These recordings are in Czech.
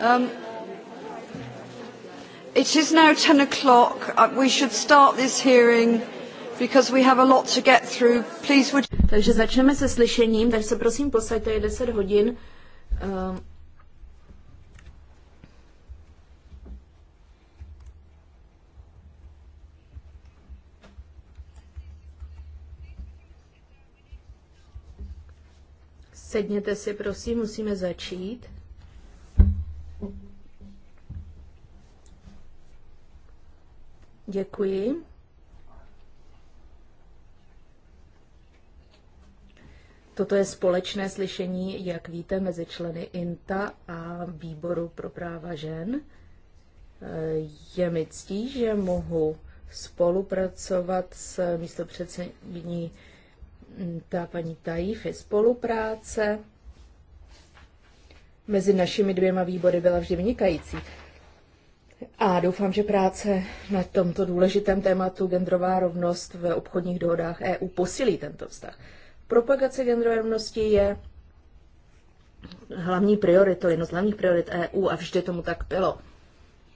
Um, it is now 10 o'clock. Uh, we should start this hearing because we have a lot to get through. Please would... Takže začneme se slyšením, takže se prosím posaďte, je 10 hodin. Um, Sedněte si, prosím, musíme začít. Děkuji. Toto je společné slyšení, jak víte, mezi členy INTA a Výboru pro práva žen. Je mi ctí, že mohu spolupracovat s místopředsední ta paní je spolupráce mezi našimi dvěma výbory byla vždy vynikající. A doufám, že práce na tomto důležitém tématu genderová rovnost v obchodních dohodách EU posilí tento vztah. Propagace genderové rovnosti je hlavní prioritou, jedno z hlavních priorit EU a vždy tomu tak bylo.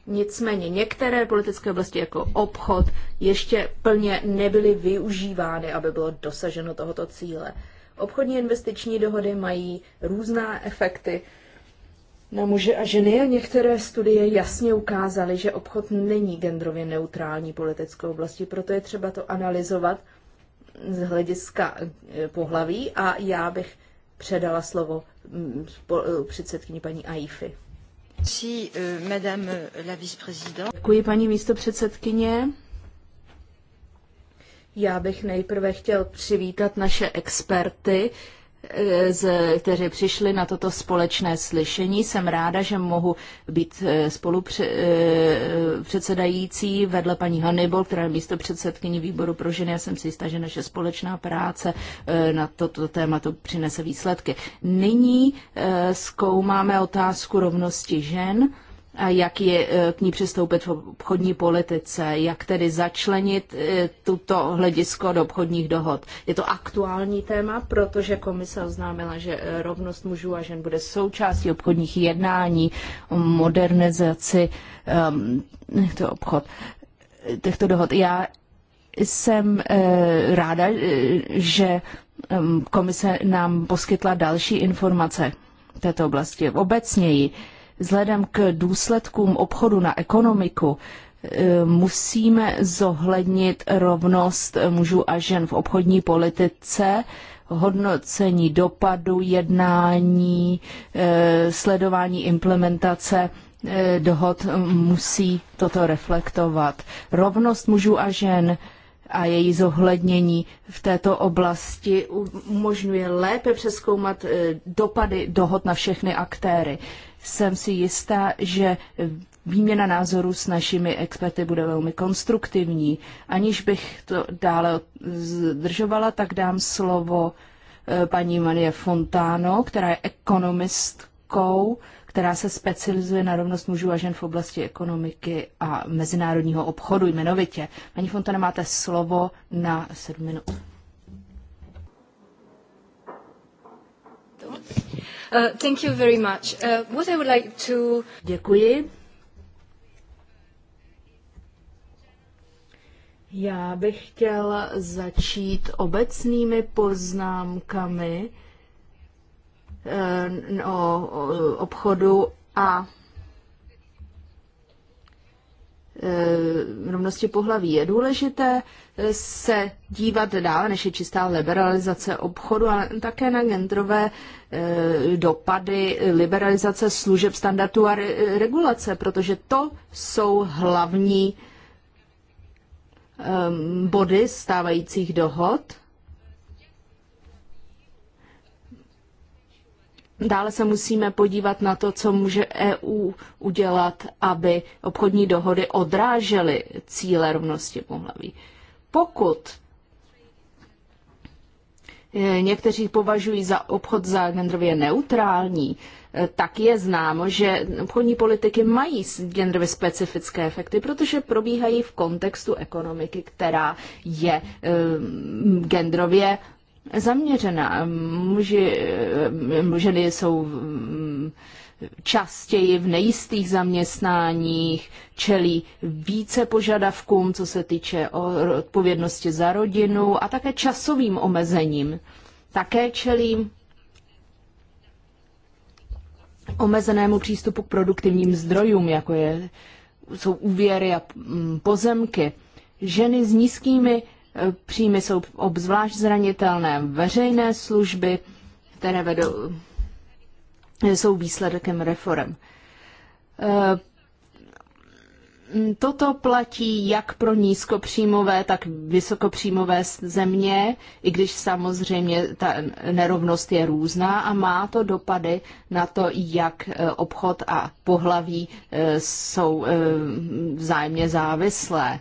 Nicméně některé politické oblasti jako obchod ještě plně nebyly využívány, aby bylo dosaženo tohoto cíle. Obchodní investiční dohody mají různá efekty na muže a ženy a některé studie jasně ukázaly, že obchod není genderově neutrální politickou oblasti, proto je třeba to analyzovat z hlediska eh, pohlaví a já bych předala slovo mm, eh, předsedkyni paní Aifi. Eh, eh, Děkuji, paní místopředsedkyně. Já bych nejprve chtěl přivítat naše experty, Eh, z, kteří přišli na toto společné slyšení. Jsem ráda, že mohu být eh, spolu eh, předsedající vedle paní Hannibal, která je místo předsedkyní výboru pro ženy. Já jsem si jistá, že naše společná práce na toto téma to přinese výsledky. Nyní zkoumáme otázku rovnosti žen jak je e, k ní přistoupit v obchodní politice, jak tedy začlenit e, tuto hledisko do obchodních dohod. Je to aktuální téma, protože komise oznámila, že e, rovnost mužů a žen bude součástí obchodních jednání o modernizaci um, to obchod, těchto dohod. Já jsem uh, ráda, že um, komise nám poskytla další informace v této oblasti obecněji. Uh, Vzhledem k důsledkům obchodu na ekonomiku e, musíme zohlednit rovnost mužů a žen v obchodní politice, hodnocení dopadu, jednání, e, sledování implementace e, dohod musí toto reflektovat. Rovnost mužů a žen a její zohlednění v této oblasti umožňuje lépe přeskoumat dopady dohod na všechny aktéry jsem si jistá, že výměna názorů s našimi experty bude velmi konstruktivní. Aniž bych to dále zdržovala, tak dám slovo eh, paní Marie Fontáno, která je ekonomistkou, která se specializuje na rovnost mužů a žen v oblasti ekonomiky a mezinárodního obchodu jmenovitě. Paní Fontana, máte slovo na sedm minut. Uh, thank you very much. Uh, what I would like to... Děkuji. Já bych chtěl začít obecnými poznámkami eh, o obchodu a eh, rovnosti pohlaví. Je důležité eh, se dívat dále, než je čistá liberalizace obchodu, ale také na genderové Eh, dopady liberalizace služeb standardů a re, regulace, protože to jsou hlavní body stávajících dohod. Dále se musíme podívat na to, co může EU udělat, aby obchodní dohody odrážely cíle rovnosti pohlaví. Pokud Eh, někteří považují za obchod za genderově neutrální, eh, tak je známo, že obchodní politiky mají genderově specifické efekty, protože probíhají v kontextu ekonomiky, která je eh, genderově zaměřená. Muži, ženy jsou častěji v nejistých zaměstnáních, čelí více požadavkům, co se týče odpovědnosti za rodinu a také časovým omezením. Také čelí omezenému přístupu k produktivním zdrojům, jako je, jsou úvěry a mm, pozemky. Ženy s nízkými e, příjmy jsou obzvlášť zranitelné. Veřejné služby, které vedou jsou výsledkem reform. Eh, toto platí jak pro nízkopříjmové, tak vysokopříjmové země, i když samozřejmě ta nerovnost je různá a má to dopady na to, jak eh, obchod a pohlaví eh, jsou vzájemně závislé.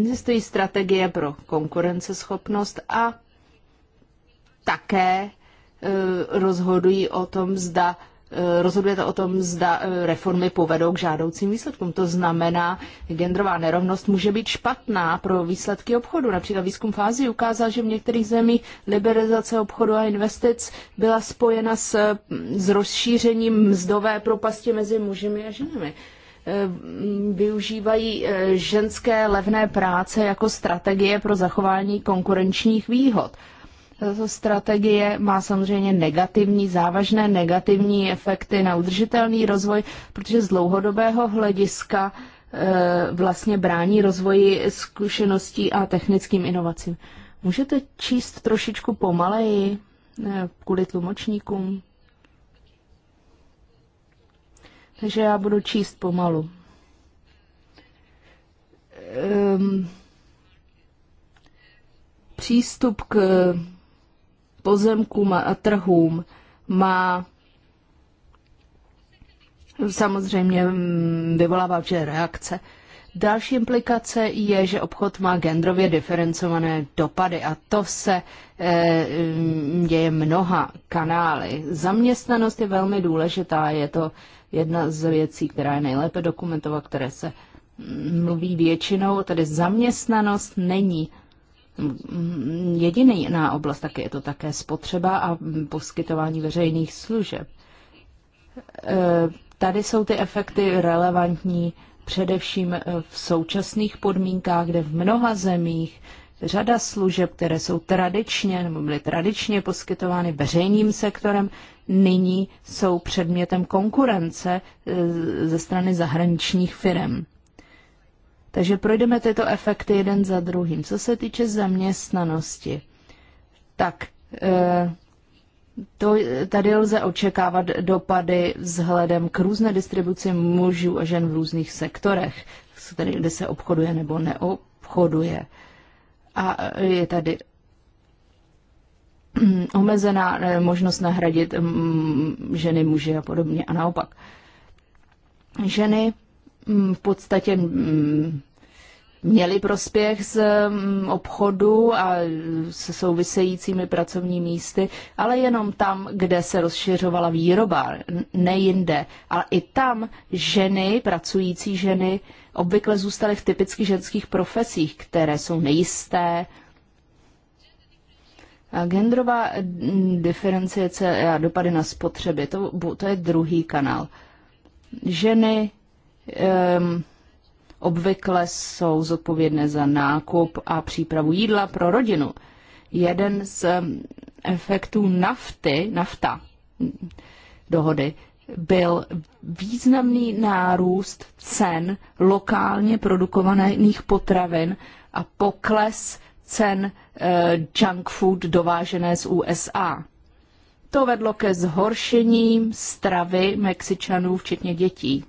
Existují strategie pro konkurenceschopnost a také Eh, rozhodují o tom, zda eh, rozhodujete o tom, zda eh, reformy povedou k žádoucím výsledkům. To znamená, genderová nerovnost může být špatná pro výsledky obchodu. Například výzkum fázi ukázal, že v některých zemích liberalizace obchodu a investic byla spojena s, s rozšířením mzdové propasti mezi mužemi a ženami. Využívají ženské levné práce jako strategie pro zachování konkurenčních výhod. Tato strategie má samozřejmě negativní, závažné negativní efekty na udržitelný rozvoj, protože z dlouhodobého hlediska eh, vlastně brání rozvoji zkušeností a technickým inovacím. Můžete číst trošičku pomaleji eh, kvůli tlumočníkům? Takže já budu číst pomalu. Um, přístup k pozemkům a trhům má samozřejmě mm, vyvolává vše reakce. Další implikace je, že obchod má genderově diferencované dopady a to se e, děje mnoha kanály. Zaměstnanost je velmi důležitá, je to jedna z věcí, která je nejlépe dokumentovat, které se mm, mluví většinou, tedy zaměstnanost není jediná oblast, tak je to také spotřeba a poskytování veřejných služeb. E, tady jsou ty efekty relevantní především v současných podmínkách, kde v mnoha zemích řada služeb, které jsou tradičně nebo byly tradičně poskytovány veřejným sektorem, nyní jsou předmětem konkurence e, ze strany zahraničních firm. Takže projdeme tyto efekty jeden za druhým. Co se týče zaměstnanosti, tak eh, to, tady lze očekávat dopady vzhledem k různé distribuci mužů a žen v různých sektorech, kde se obchoduje nebo neobchoduje. A eh, je tady omezená eh, možnost nahradit mm, ženy, muže a podobně a naopak. Ženy mm, v podstatě mm, měli prospěch z mm, obchodu a se souvisejícími pracovní místy, ale jenom tam, kde se rozšiřovala výroba, ne jinde. Ale i tam ženy, pracující ženy, obvykle zůstaly v typicky ženských profesích, které jsou nejisté. A genderová mm, diferenciace a dopady na spotřeby, to, to je druhý kanál. Ženy um, Obvykle jsou zodpovědné za nákup a přípravu jídla pro rodinu. Jeden z efektů nafty, nafta dohody, byl významný nárůst cen lokálně produkovaných potravin a pokles cen eh, junk food dovážené z USA. To vedlo ke zhoršení stravy Mexičanů, včetně dětí.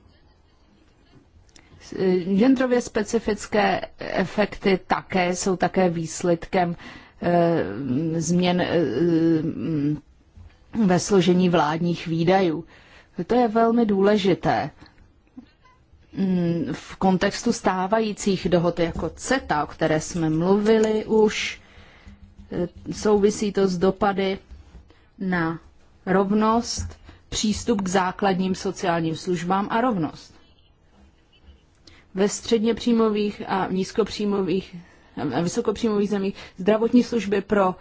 Eh, genderově specifické efekty také jsou také výsledkem eh, změn eh, mm, ve složení vládních výdajů. To je velmi důležité mm, v kontextu stávajících dohod jako CETA, o které jsme mluvili už, souvisí to s dopady na rovnost, přístup k základním sociálním službám a rovnost ve středně příjmových a nízkopříjmových a vysokopříjmových zemích zdravotní služby pro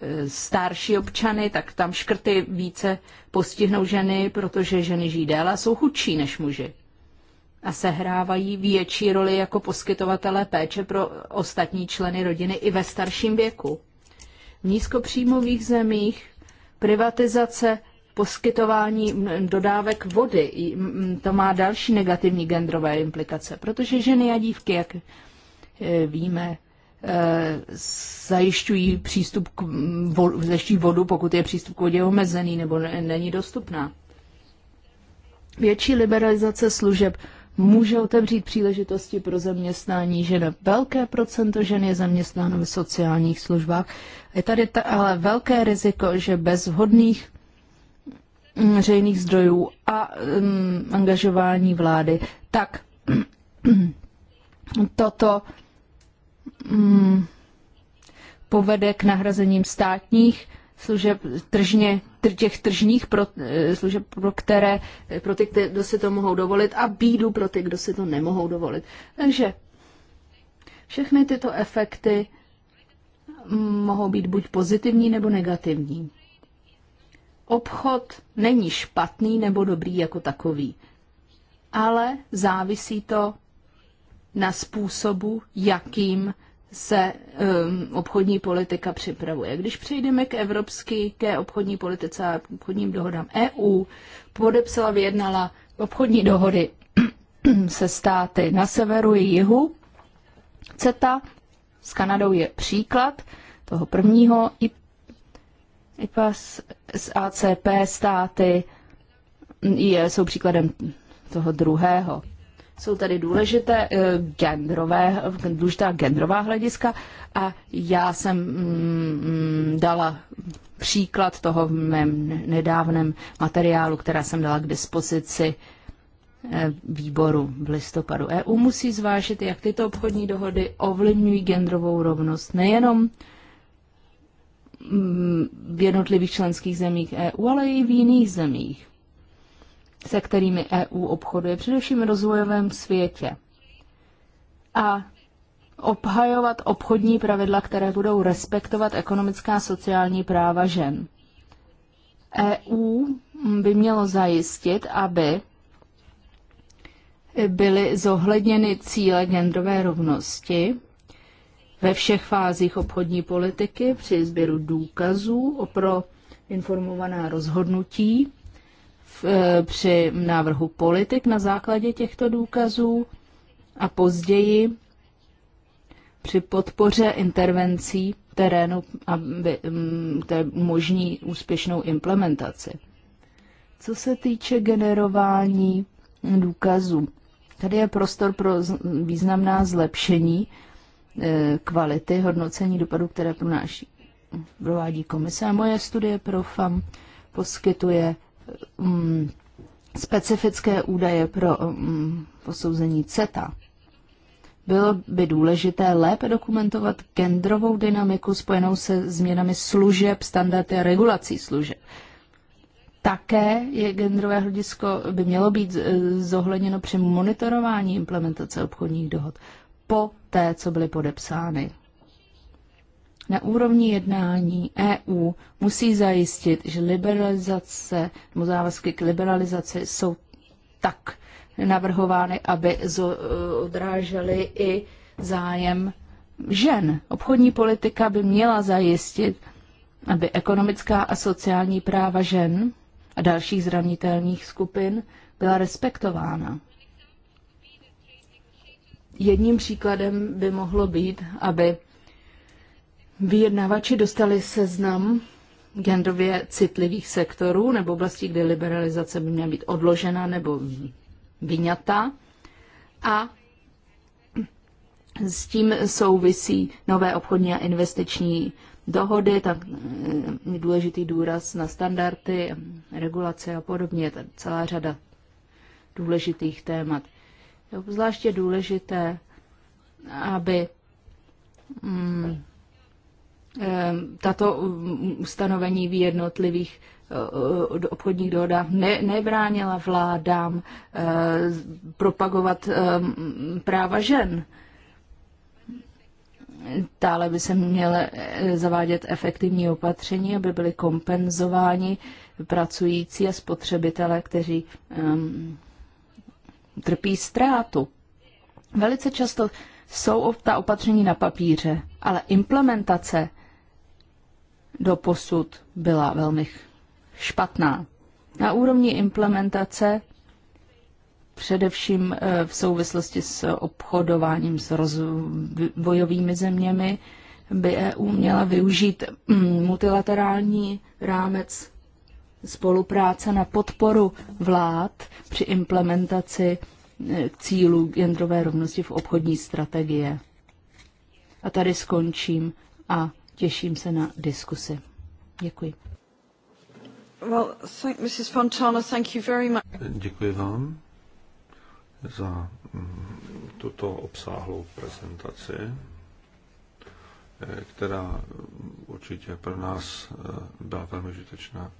e, starší občany, tak tam škrty více postihnou ženy, protože ženy žijí déle a jsou chudší než muži. A sehrávají větší roli jako poskytovatelé péče pro ostatní členy rodiny i ve starším věku. V nízkopříjmových zemích privatizace poskytování dodávek vody. Mm, to má další negativní genderové implikace, protože ženy a dívky, jak eh, víme, eh, zajišťují přístup k vodu, zajišťují vodu, pokud je přístup k vodě omezený nebo není dostupná. Větší liberalizace služeb může otevřít příležitosti pro zaměstnání žen. Velké procento žen je zaměstnáno v sociálních službách. Je tady ta, ale velké riziko, že bez vhodných Mm, veřejných zdrojů a um, angažování vlády, tak toto um, povede k nahrazením státních služeb tržně, těch tržních pro, eh, služeb, pro, které, eh, pro ty, kdo si to mohou dovolit a bídu pro ty, kdo si to nemohou dovolit. Takže všechny tyto efekty mohou být buď pozitivní nebo negativní obchod není špatný nebo dobrý jako takový, ale závisí to na způsobu, jakým se um, obchodní politika připravuje. Když přejdeme k evropské k obchodní politice a obchodním dohodám, EU podepsala, vyjednala obchodní dohody se státy na severu i jihu. CETA s Kanadou je příklad toho prvního i IPAS, ACP státy jsou příkladem toho druhého. Jsou tady důležité eh, genderové, důležitá genderová hlediska a já jsem mm, mm, dala příklad toho v mém nedávném materiálu, která jsem dala k dispozici eh, výboru v listopadu. EU musí zvážit, jak tyto obchodní dohody ovlivňují genderovou rovnost nejenom v jednotlivých členských zemích EU, ale i v jiných zemích, se kterými EU obchoduje, především v rozvojovém světě. A obhajovat obchodní pravidla, které budou respektovat ekonomická a sociální práva žen. EU by mělo zajistit, aby byly zohledněny cíle genderové rovnosti ve všech fázích obchodní politiky při sběru důkazů pro informovaná rozhodnutí v, eh, při návrhu politik na základě těchto důkazů a později při podpoře intervencí terénu, aby, které mm, umožní úspěšnou implementaci. Co se týče generování důkazů, tady je prostor pro významná zlepšení E, kvality hodnocení dopadu, které pronáší, provádí komise. A moje studie pro FAM poskytuje um, specifické údaje pro um, posouzení CETA. Bylo by důležité lépe dokumentovat genderovou dynamiku spojenou se změnami služeb, standardy a regulací služeb. Také je genderové hledisko by mělo být e, zohledněno při monitorování implementace obchodních dohod po té, co byly podepsány. Na úrovni jednání EU musí zajistit, že liberalizace nebo závazky k liberalizaci jsou tak navrhovány, aby odrážely i zájem žen. Obchodní politika by měla zajistit, aby ekonomická a sociální práva žen a dalších zranitelných skupin byla respektována. Jedním příkladem by mohlo být, aby vyjednavači dostali seznam genderově citlivých sektorů nebo oblastí, kde liberalizace by měla být odložena nebo vyňata. A s tím souvisí nové obchodní a investiční dohody, tak eh, důležitý důraz na standardy, regulace a podobně, tak celá řada důležitých témat je obzvláště důležité, aby mm, tato mm, ustanovení v jednotlivých eh, obchodních dohodách ne, nebránila vládám eh, propagovat práva žen. Dále by se měly eh, zavádět efektivní opatření, aby byly kompenzováni pracující a spotřebitele, kteří um, trpí ztrátu. Velice často jsou ta opatření na papíře, ale implementace do posud byla velmi špatná. Na úrovni implementace především eh, v souvislosti s obchodováním s rozvojovými zeměmi by EU měla využít mm, multilaterální rámec spolupráce na podporu vlád při implementaci e, cílů genderové rovnosti v obchodní strategie. A tady skončím a těším se na diskusi. Děkuji. Well, thank Mrs. Fontana, thank you very much. Děkuji vám za mm, tuto obsáhlou prezentaci, e, která určitě pro nás e, byla velmi užitečná.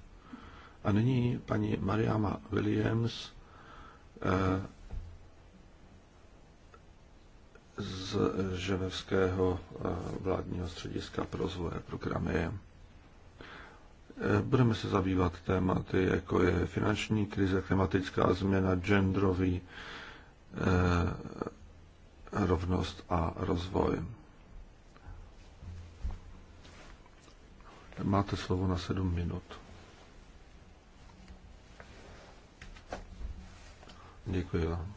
A nyní paní Mariama Williams eh, z Ženevského eh, vládního střediska pro rozvoje programy. Eh, budeme se zabývat tématy, jako je finanční krize, klimatická změna, genderový rovnost a rozvoj. Máte slovo na sedm minut. Děkuji vám.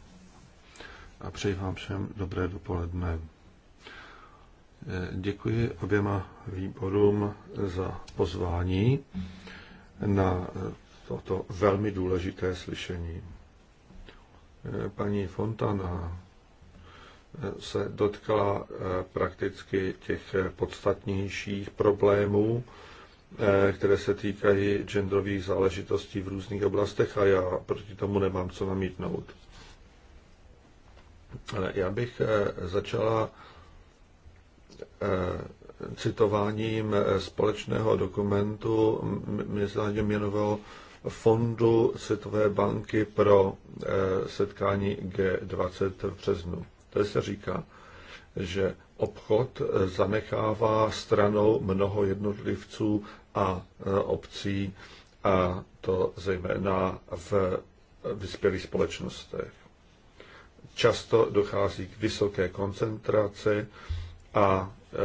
A přeji vám všem dobré dopoledne. Děkuji oběma výborům za pozvání na toto velmi důležité slyšení. Paní Fontana se dotkla prakticky těch podstatnějších problémů, Eh, které se týkají genderových záležitostí v různých oblastech a já proti tomu nemám co namítnout. Ale já bych eh, začala eh, citováním společného dokumentu Mezinárodního měnového fondu Světové banky pro setkání G20 v březnu. To se říká, že obchod zanechává stranou mnoho jednotlivců a e, obcí, a to zejména v vyspělých společnostech. Často dochází k vysoké koncentraci a e,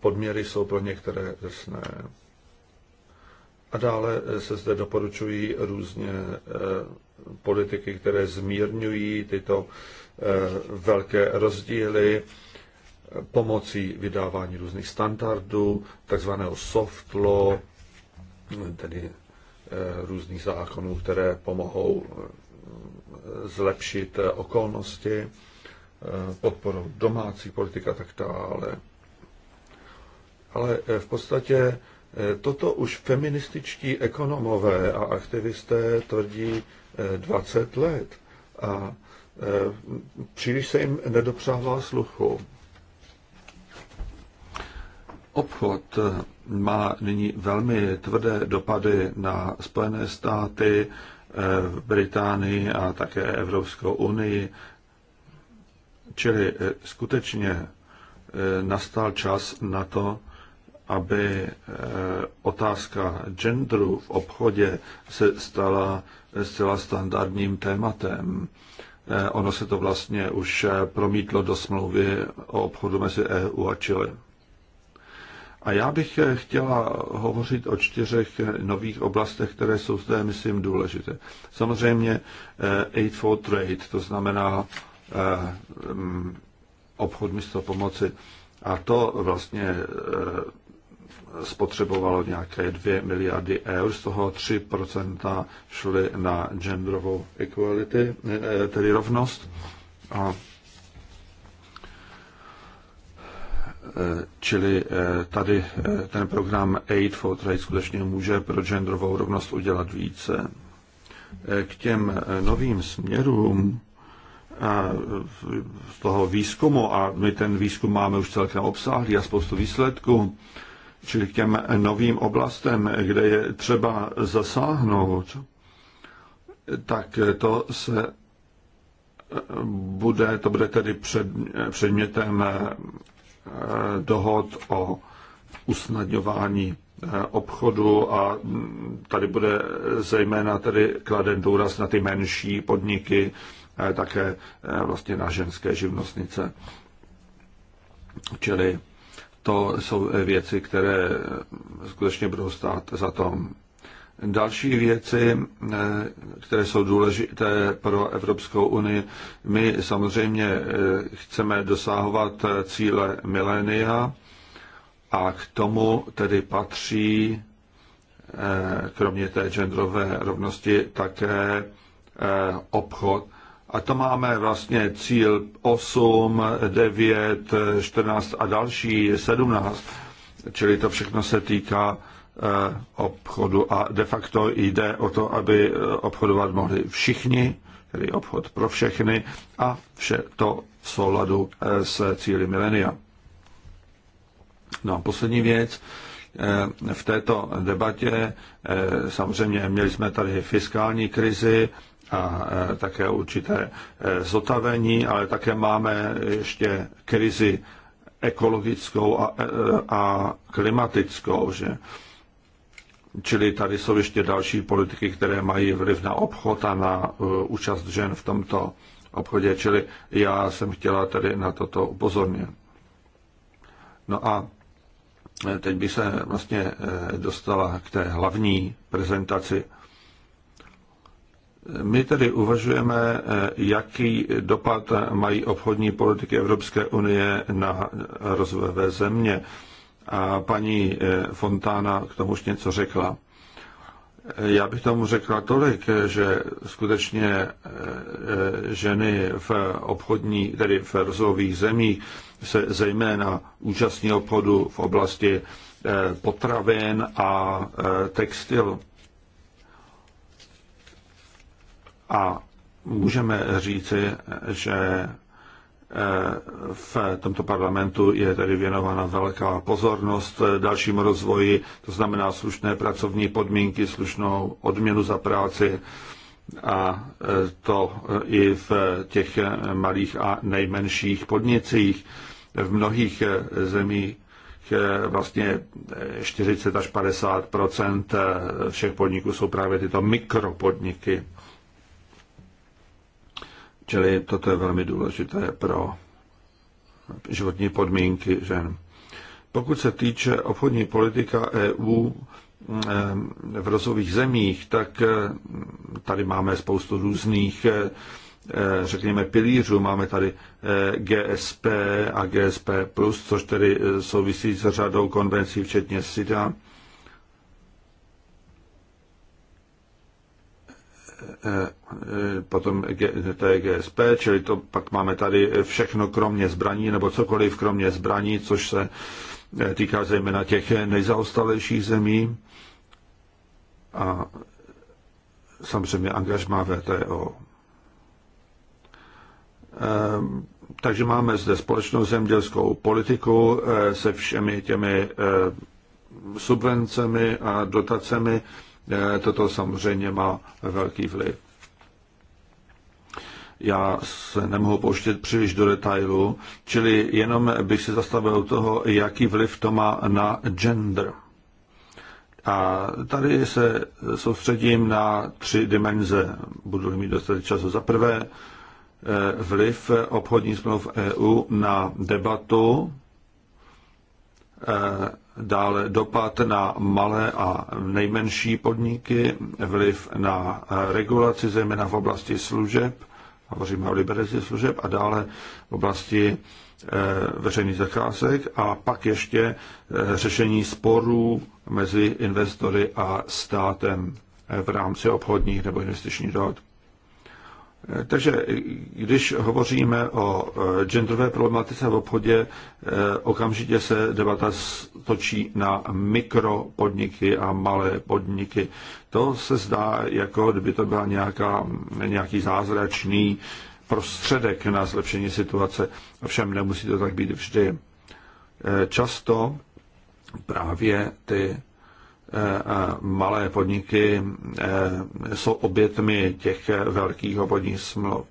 podměry jsou pro některé drsné. A dále se zde doporučují různě e, politiky, které zmírňují tyto velké rozdíly, pomocí vydávání různých standardů, takzvaného soft law, tedy eh, různých zákonů, které pomohou eh, zlepšit eh, okolnosti, podporou domácí politika a tak dále. Ale v podstatě toto už feminističtí ekonomové a aktivisté tvrdí 20 let a příliš se jim nedopřává sluchu. Obchod má nyní velmi tvrdé dopady na Spojené státy, eh, Británii a také Evropskou unii. Čili eh, skutečně eh, nastal čas na to, aby otázka genderu v obchodě se stala zcela standardním tématem. Ono se to vlastně už promítlo do smlouvy o obchodu mezi EU a Chile. A já bych eh, chtěla hovořit o čtyřech eh, nových oblastech, které jsou zde, myslím, důležité. Samozřejmě eh, Aid for Trade, to znamená mm, obchod místo pomoci. A to vlastně spotřebovalo nějaké 2 miliardy eur, z toho 3% šly na genderovou equality, tedy rovnost. A Eh, čili eh, tady eh, ten program Aid for Trade skutečně může pro genderovou rovnost udělat více. K těm novým směrům z toho výzkumu, a my ten výzkum máme už celkem obsáhlý a spoustu výsledků, čili k těm novým oblastem, kde je třeba zasáhnout, tak to se bude, to bude tedy před, předmětem dohod o usnadňování eh, obchodu a mm, tady bude zejména tady kladen důraz na ty menší podniky, eh, také eh, vlastně na ženské živnostnice. Čili to jsou věci, které skutečně budou stát za tom. Další věci, eh, které jsou důležité pro Evropskou unii, my samozřejmě eh, chceme dosahovat eh, cíle milénia a k tomu tedy patří, kromě té genderové rovnosti, také obchod. A to máme vlastně cíl 8, 9, 14 a další 17. Čili to všechno se týká Eh, obchodu a de facto jde o to, aby eh, obchodovat mohli všichni, tedy obchod pro všechny a vše to v souladu eh, s cíly milenia. No a poslední věc, v této debatě samozřejmě měli jsme tady fiskální krizi, a také určité zotavení, ale také máme ještě krizi ekologickou a, a klimatickou. Že? Čili tady jsou ještě další politiky, které mají vliv na obchod a na uh, účast žen v tomto obchodě. Čili já jsem chtěla tady na toto upozornit. No a eh, teď by se vlastně eh, dostala k té hlavní prezentaci. My tedy uvažujeme, eh, jaký dopad mají obchodní politiky Evropské unie na rozvojové země a paní eh, Fontána k tomu už něco řekla. Eh, já bych tomu řekla tolik, že skutečně eh, ženy v obchodní, tedy v rozvojových zemích se zejména účastní obchodu v oblasti potravin a textil. A můžeme říci, že v tomto parlamentu je tedy věnována velká pozornost dalšímu rozvoji, to znamená slušné pracovní podmínky, slušnou odměnu za práci a to i v těch malých a nejmenších podnicích. V mnohých zemích vlastně 40 až 50 všech podniků jsou právě tyto mikropodniky. Čili toto je velmi důležité pro životní podmínky žen. Pokud se týče obchodní politika EU eh, v rozových zemích, tak eh, tady máme spoustu různých eh, řekněme, pilířů. Máme tady GSP a GSP+, což tedy souvisí s řadou konvencí, včetně SIDA. Eh, eh, potom to je GSP, čili to pak máme tady všechno kromě zbraní, nebo cokoliv kromě zbraní, což se eh, týká zejména těch nejzaostalejších zemí a samozřejmě angažma VTO. Takže máme zde společnou zemědělskou politiku se všemi těmi subvencemi a dotacemi, Eh, toto samozřejmě má velký vliv. Já se nemohu pouštět příliš do detailu, čili jenom bych se zastavil toho, jaký vliv to má na gender. A tady se soustředím na tři dimenze. Budu mít dostatek času. Za prvé, eh, vliv obchodních smluv EU na debatu eh, dále dopad na malé a nejmenší podniky, vliv na eh, regulaci, zejména v oblasti služeb, hovoříme o liberalizaci služeb, a dále v oblasti eh, veřejných zakázek a pak ještě eh, řešení sporů mezi investory a státem v rámci obchodních nebo investičních dohod. Takže když hovoříme o eh, genderové problematice v obchodě, eh, okamžitě se debata točí na mikropodniky a malé podniky. To se zdá, jako kdyby to byl nějaký zázračný prostředek na zlepšení situace. Ovšem nemusí to tak být vždy. Eh, často právě ty Eh, malé podniky eh, jsou obětmi těch velkých obodních smluv.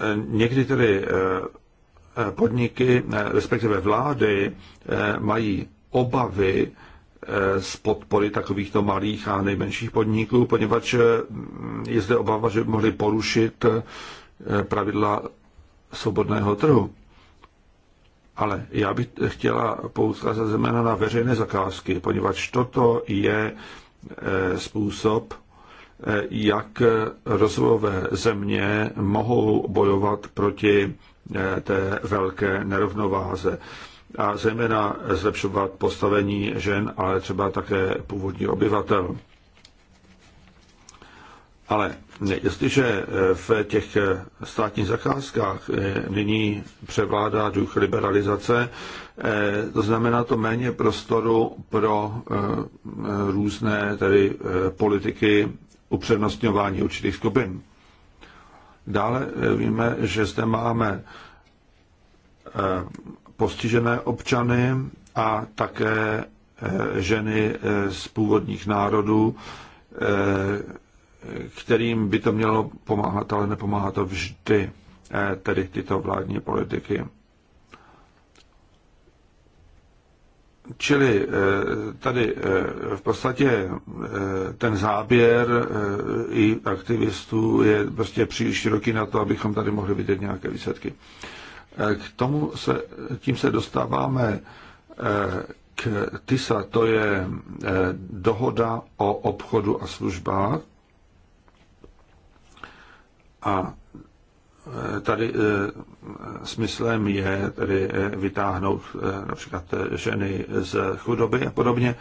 Eh, někdy tedy podniky, respektive vlády, mají obavy z podpory takovýchto malých a nejmenších podniků, poněvadž je zde obava, že by mohli porušit pravidla svobodného trhu. Ale já bych chtěla poukázat zejména na veřejné zakázky, poněvadž toto je e, způsob, e, jak rozvojové země mohou bojovat proti e, té velké nerovnováze a zejména zlepšovat postavení žen, ale třeba také původní obyvatel. Ale jestliže eh, v těch eh, státních zakázkách eh, nyní převládá duch liberalizace, to znamená to méně prostoru pro různé tedy politiky upřednostňování určitých skupin. Dále víme, že zde máme postižené občany a také ženy z původních národů, kterým by to mělo pomáhat, ale nepomáhá to vždy, eh, tedy tyto vládní politiky. Čili eh, tady eh, v podstatě ten záběr i aktivistů je prostě příliš široký na to, abychom tady mohli vidět nějaké výsledky. K tomu se, tím se dostáváme k TISA, to je dohoda o obchodu a službách. A e, tady e, smyslem je tedy e, vytáhnout například ženy z chudoby a podobně.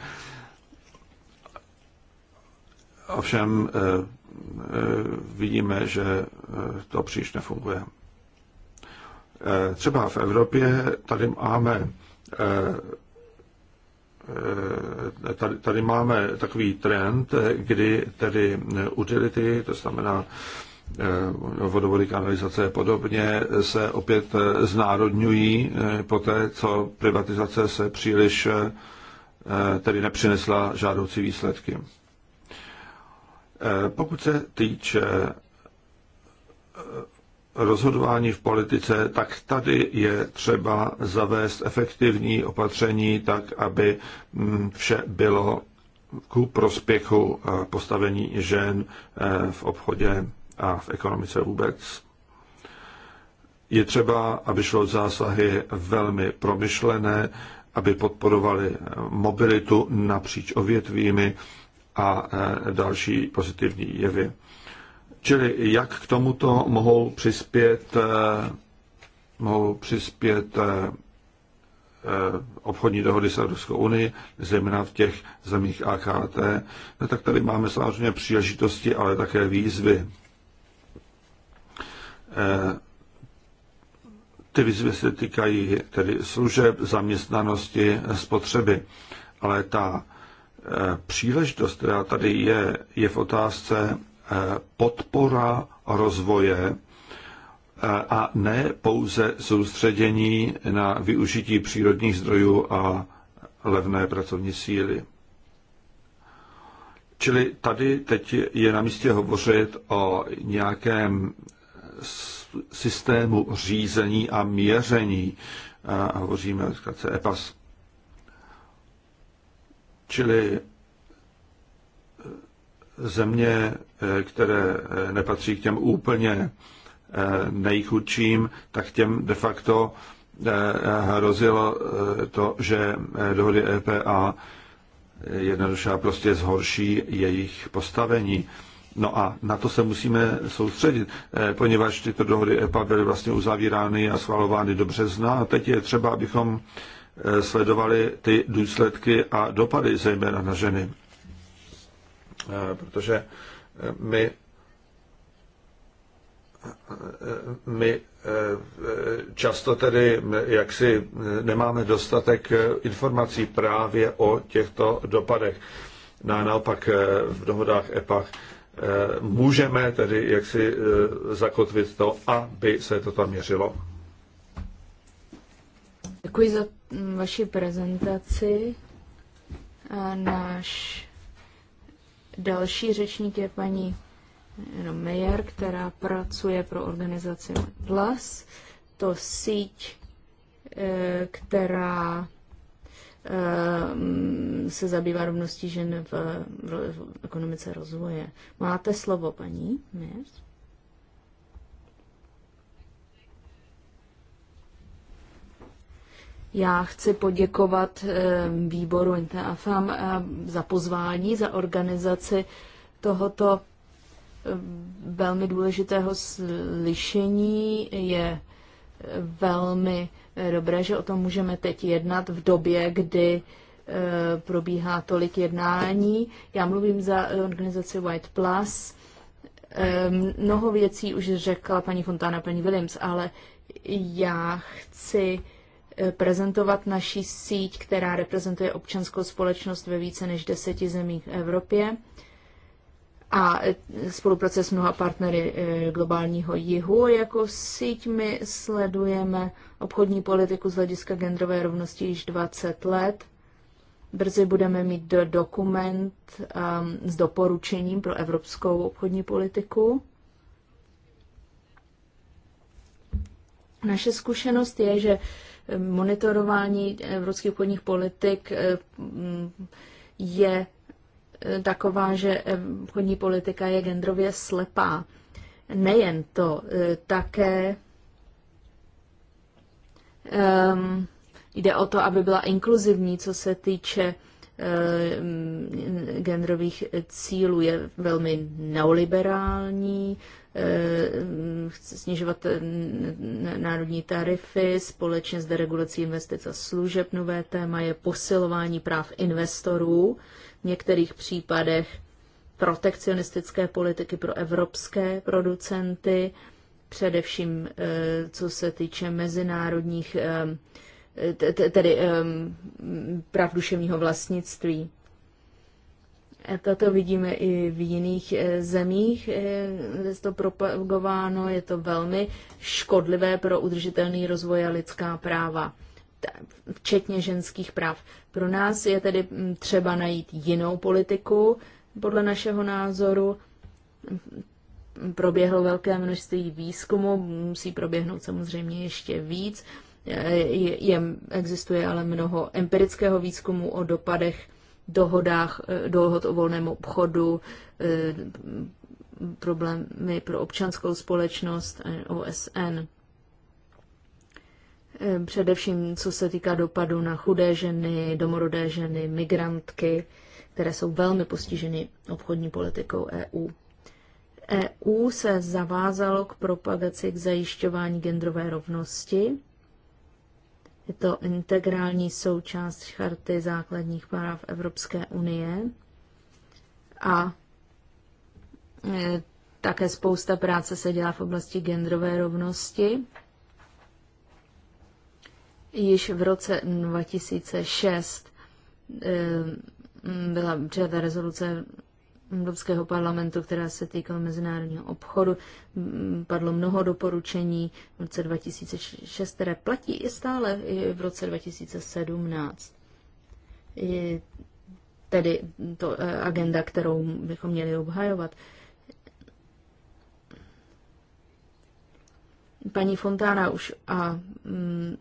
Ovšem vidíme, že to příliš nefunguje. Třeba v Evropě tady máme tady, tady máme takový trend, kdy tedy utility, to znamená Eh, vodovody, kanalizace a podobně se opět eh, znárodňují eh, po té, co privatizace se příliš tedy nepřinesla žádoucí výsledky. Pokud se týče rozhodování v politice, tak tady je třeba zavést efektivní opatření tak, aby mm, vše bylo ku prospěchu postavení žen v obchodě a v ekonomice vůbec. Je třeba, aby šlo zásahy velmi promyšlené, aby podporovali mobilitu napříč ovětvími a e, další pozitivní jevy. Čili jak k tomuto mohou přispět, e, mohou přispět e, obchodní dohody s Evropskou unii, zejména v těch zemích AKT, no, tak tady máme samozřejmě příležitosti, ale také výzvy. Eh, ty výzvy se týkají tedy služeb, zaměstnanosti, spotřeby, ale ta eh, příležitost, která tady je, je v otázce eh, podpora rozvoje a ne pouze soustředění na využití přírodních zdrojů a levné pracovní síly. Čili tady teď je na místě hovořit o nějakém systému řízení a měření. A hovoříme o zkratce EPAS. Čili e, země, e, které e, nepatří k těm úplně nejchudším, tak těm de facto hrozilo to, že dohody EPA jednoduše prostě zhorší jejich postavení. No a na to se musíme soustředit, eh, poněvadž tyto dohody EPA byly vlastně uzavírány a schvalovány do března a teď je třeba, abychom eh, sledovali ty důsledky a dopady zejména na ženy. Eh, protože my my často tedy jaksi nemáme dostatek informací právě o těchto dopadech. Na, no naopak v dohodách EPAch Eh, můžeme tedy jaksi eh, zakotvit to, aby se to tam měřilo. Děkuji za mm, vaši prezentaci. A náš další řečník je paní no, Meyer, která pracuje pro organizaci Atlas. To síť, eh, která Ehm, se zabývá rovností žen v, v ekonomice rozvoje. Máte slovo, paní Měř? Já chci poděkovat ehm, výboru INTEAFAM eh, za pozvání, za organizaci tohoto ehm, velmi důležitého slyšení. Je eh, velmi Eh, dobré, že o tom můžeme teď jednat v době, kdy eh, probíhá tolik jednání. Já mluvím za eh, organizaci White Plus. Ehm, mnoho věcí už řekla paní Fontána, paní Williams, ale já chci prezentovat naší síť, která reprezentuje občanskou společnost ve více než deseti zemích v Evropě a spolupráce s mnoha partnery e, globálního jihu. Jako síť my sledujeme obchodní politiku z hlediska genderové rovnosti již 20 let. Brzy budeme mít dokument um, s doporučením pro evropskou obchodní politiku. Naše zkušenost je, že e, monitorování evropských obchodních politik e, je taková, že obchodní politika je genderově slepá. Nejen to, e, také um, jde o to, aby byla inkluzivní, co se týče e, genderových cílů je velmi neoliberální, e, chce snižovat národní tarify společně s deregulací investic a služeb. Nové téma je posilování práv investorů v některých případech protekcionistické politiky pro evropské producenty, především eh, co se týče mezinárodních, eh, tedy eh, práv duševního vlastnictví. Toto vidíme i v jiných zemích, je to propagováno, je to velmi škodlivé pro udržitelný rozvoj a lidská práva včetně ženských práv. Pro nás je tedy mm, třeba najít jinou politiku, podle našeho názoru. Proběhlo velké množství výzkumu, musí proběhnout samozřejmě ještě víc. E, je, existuje ale mnoho empirického výzkumu o dopadech dohodách, e, dohod o volném obchodu, e, problémy pro občanskou společnost OSN. Eh, především co se týká dopadu na chudé ženy, domorodé ženy, migrantky, které jsou velmi postiženy obchodní politikou EU. EU se zavázalo k propagaci k zajišťování genderové rovnosti. Je to integrální součást charty základních práv Evropské unie a eh, také spousta práce se dělá v oblasti genderové rovnosti. Již v roce 2006 eh, byla přijata rezoluce Evropského parlamentu, která se týkala mezinárodního obchodu. Padlo mnoho doporučení v roce 2006, které platí i stále i v roce 2017. Je tedy to eh, agenda, kterou bychom měli obhajovat. Paní Fontána už a mm,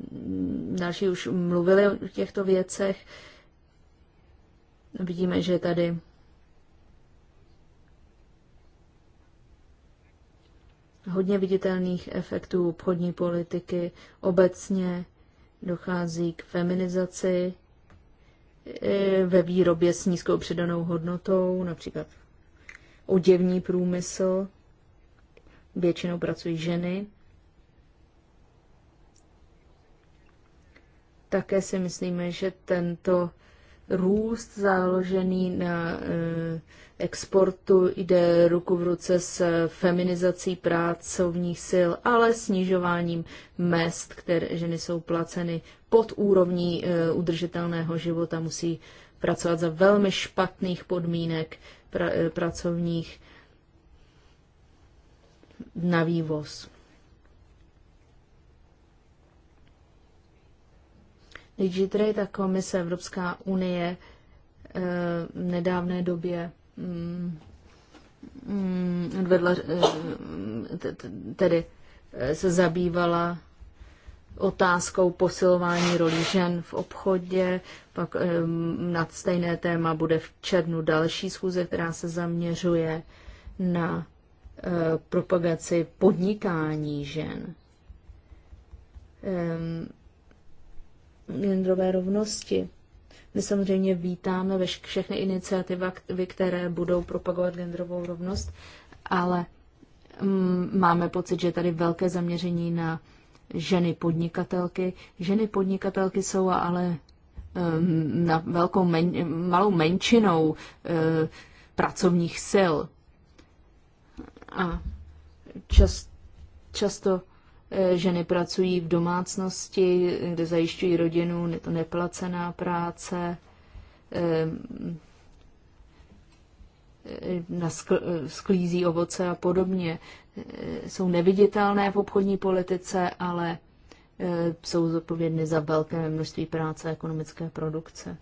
další už mluvili o těchto věcech. Vidíme, že tady hodně viditelných efektů obchodní politiky. Obecně dochází k feminizaci e, ve výrobě s nízkou přidanou hodnotou, například oděvní průmysl. Většinou pracují ženy. Také si myslíme, že tento růst založený na eh, exportu jde ruku v ruce s feminizací pracovních sil, ale snižováním mest, které ženy jsou placeny pod úrovní eh, udržitelného života, musí pracovat za velmi špatných podmínek pra, eh, pracovních na vývoz. Digitrade a Komise Evropská unie eh, v nedávné době mm, mm, vedla, eh, tedy eh, se zabývala otázkou posilování roli žen v obchodě. Pak nad stejné téma bude v červnu další schůze, která se zaměřuje na propagaci podnikání žen. Ehm, genderové rovnosti. My samozřejmě vítáme všechny iniciativy, které budou propagovat genderovou rovnost, ale mm, máme pocit, že je tady velké zaměření na ženy podnikatelky. Ženy podnikatelky jsou ale mm, na velkou men, malou menšinou e, pracovních sil. A čas, často Eh, ženy pracují v domácnosti, kde zajišťují rodinu, je to neplacená práce, eh, eh, sklízí ovoce a podobně. Jsou neviditelné v obchodní politice, ale jsou zodpovědny za velké množství práce a ekonomické produkce.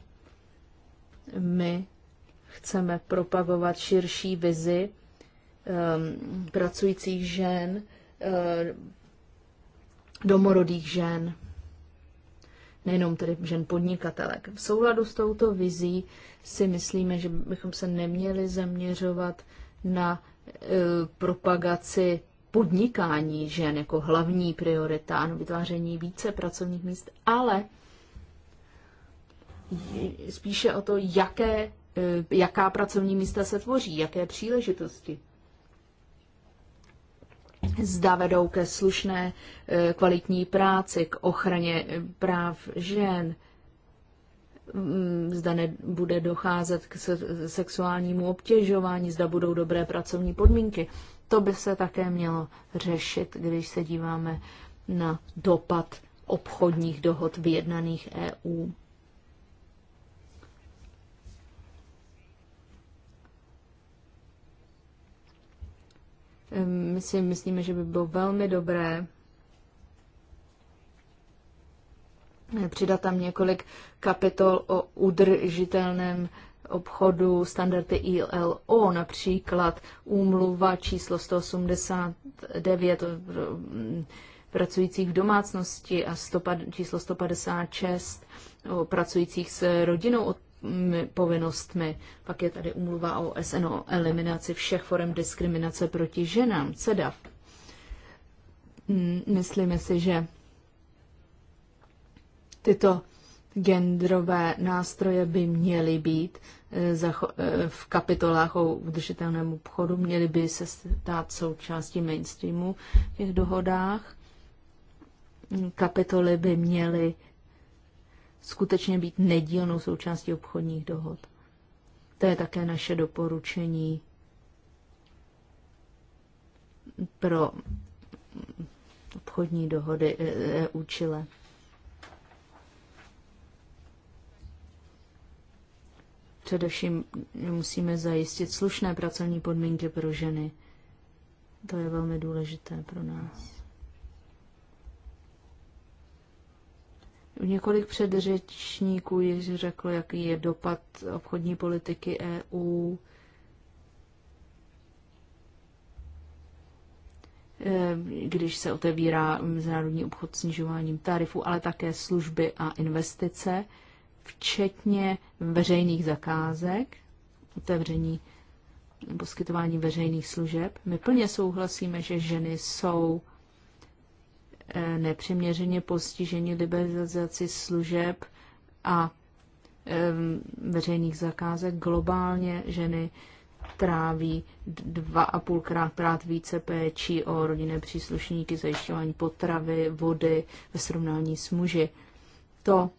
My chceme propagovat širší vizi ehm, pracujících žen, domorodých žen, nejenom tedy žen podnikatelek. V souladu s touto vizí si myslíme, že bychom se neměli zaměřovat na e, propagaci podnikání žen jako hlavní priorita, ano, vytváření více pracovních míst, ale spíše o to, jaké, e, jaká pracovní místa se tvoří, jaké příležitosti zda vedou ke slušné eh, kvalitní práci, k ochraně eh, práv žen, mm, zda nebude docházet k sexuálnímu obtěžování, zda budou dobré pracovní podmínky. To by se také mělo řešit, když se díváme na dopad obchodních dohod vyjednaných EU My si myslíme, že by bylo velmi dobré přidat tam několik kapitol o udržitelném obchodu, standardy ILO, například úmluva číslo 189 mm, pracujících v domácnosti a 100, číslo 156 o pracujících s rodinou od povinnostmi. Pak je tady umluva o OSN o eliminaci všech forem diskriminace proti ženám, CEDAV. Myslíme si, že tyto genderové nástroje by měly být e, e, v kapitolách o udržitelném obchodu, měly by se stát součástí mainstreamu v těch dohodách. Kapitoly by měly skutečně být nedílnou součástí obchodních dohod. To je také naše doporučení pro obchodní dohody EU Chile. Především musíme zajistit slušné pracovní podmínky pro ženy. To je velmi důležité pro nás. Několik předřečníků již řeklo, jaký je dopad obchodní politiky EU. E, když se otevírá mezinárodní obchod snižováním tarifů, ale také služby a investice, včetně veřejných zakázek, otevření poskytování veřejných služeb. My plně souhlasíme, že ženy jsou Eh, nepřiměřeně postiženi liberalizaci služeb a veřejných zakázek. Globálně ženy tráví dva a půlkrát krát více péčí o rodinné příslušníky, zajišťování potravy, vody ve srovnání s muži. To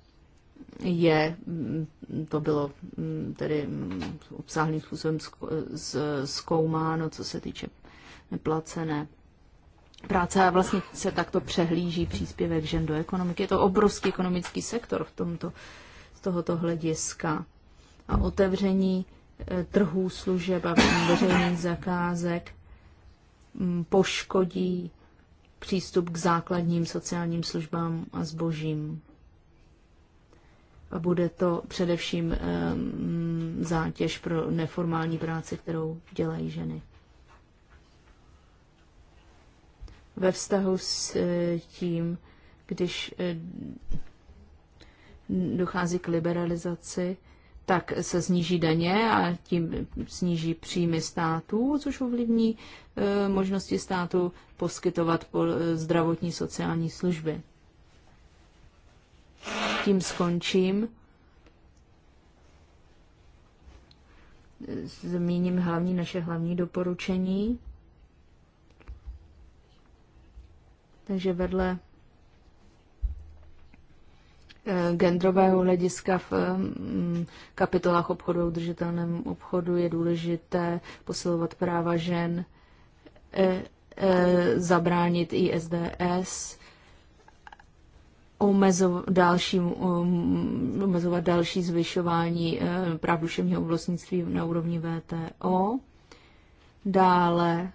je, mm, to bylo mm, tedy mm, obsáhlým způsobem zkoumáno, co se týče neplacené práce a vlastně se takto přehlíží příspěvek žen do ekonomiky. Je to obrovský ekonomický sektor v tomto, z tohoto hlediska. A otevření e, trhů služeb a veřejných zakázek mm, poškodí přístup k základním sociálním službám a zbožím. A bude to především um, zátěž pro neformální práci, kterou dělají ženy. ve vztahu s eh, tím, když eh, dochází k liberalizaci, tak se sníží daně a tím sníží příjmy států, což ovlivní eh, možnosti státu poskytovat zdravotní sociální služby. Tím skončím. Zmíním hlavní naše hlavní doporučení. Takže vedle eh, genderového hlediska v mm, kapitolách obchodu a udržitelném obchodu je důležité posilovat práva žen, eh, eh, zabránit ISDS, omezovat další, um, omezovat další zvyšování práv duševního vlastnictví na úrovni VTO, dále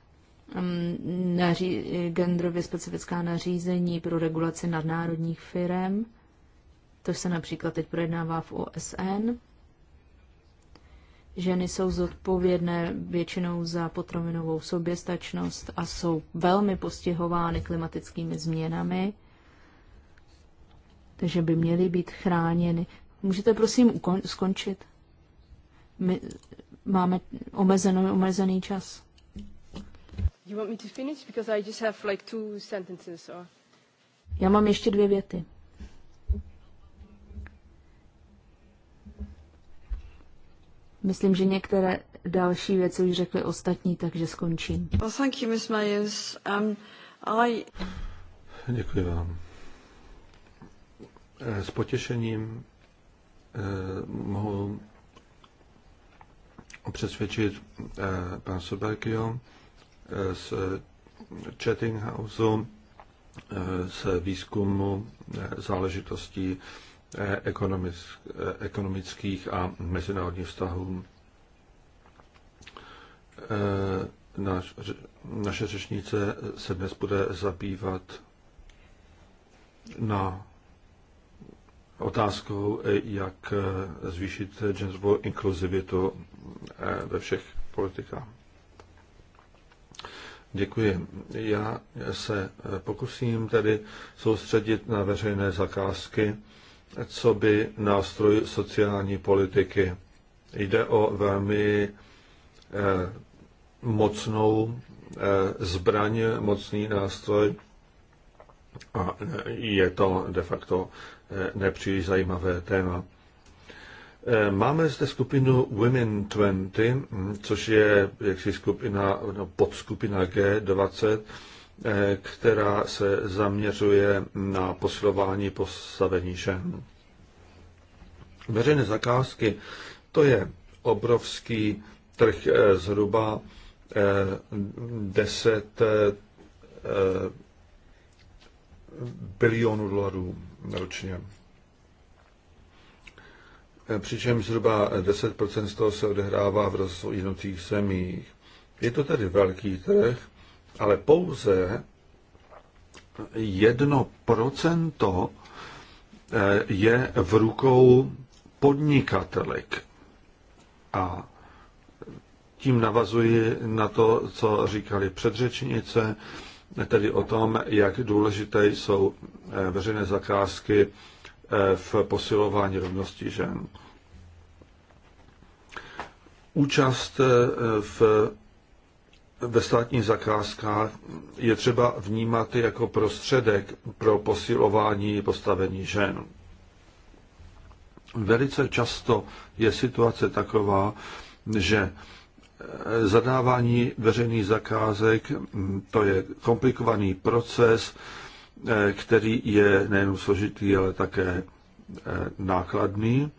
Um, naří, genderově specifická nařízení pro regulaci nadnárodních firm. To se například teď projednává v OSN. Ženy jsou zodpovědné většinou za potravinovou soběstačnost a jsou velmi postihovány klimatickými změnami, takže by měly být chráněny. Můžete prosím skončit? My máme omezený, omezený čas. You want me to finish? Because I just have like two sentences or... Já mám ještě dvě věty. Myslím, že některé další věci už řekly ostatní, takže skončím. Well, thank you, Ms. Myers. Um, I... Děkuji vám. Eh, s potěšením eh, mohu přesvědčit eh, pan Soberkio, z Chattinghouse z výzkumu eh, záležitostí eh, eh, ekonomických a mezinárodních vztahů. Naš, naše řečnice se dnes bude zabývat na otázkou, jak zvýšit genderovou inkluzivitu ve všech politikách. Děkuji. Já se eh, pokusím tedy soustředit na veřejné zakázky, co by nástroj sociální politiky. Jde o velmi eh, mocnou eh, zbraň, mocný nástroj a je to de facto nepříliš zajímavé téma. Eh, máme zde skupinu Women 20, hm, což je jaksi skupina, no, podskupina G20, eh, která se zaměřuje na posilování postavení žen. Veřejné zakázky, to je obrovský trh eh, zhruba 10 bilionů dolarů ročně. Eh, přičemž zhruba 10% z toho se odehrává v rozvinutých zemích. Je to tedy velký trh, ale pouze 1% eh, je v rukou podnikatelek. A tím navazuji na to, co říkali předřečnice, tedy o tom, jak důležité jsou eh, veřejné zakázky Eh, v posilování rovnosti žen. Účast eh, v, ve státních zakázkách je třeba vnímat jako prostředek pro posilování postavení žen. Velice často je situace taková, že eh, zadávání veřejných zakázek mm, to je komplikovaný proces, Eh, který je nejen složitý, ale také eh, nákladný.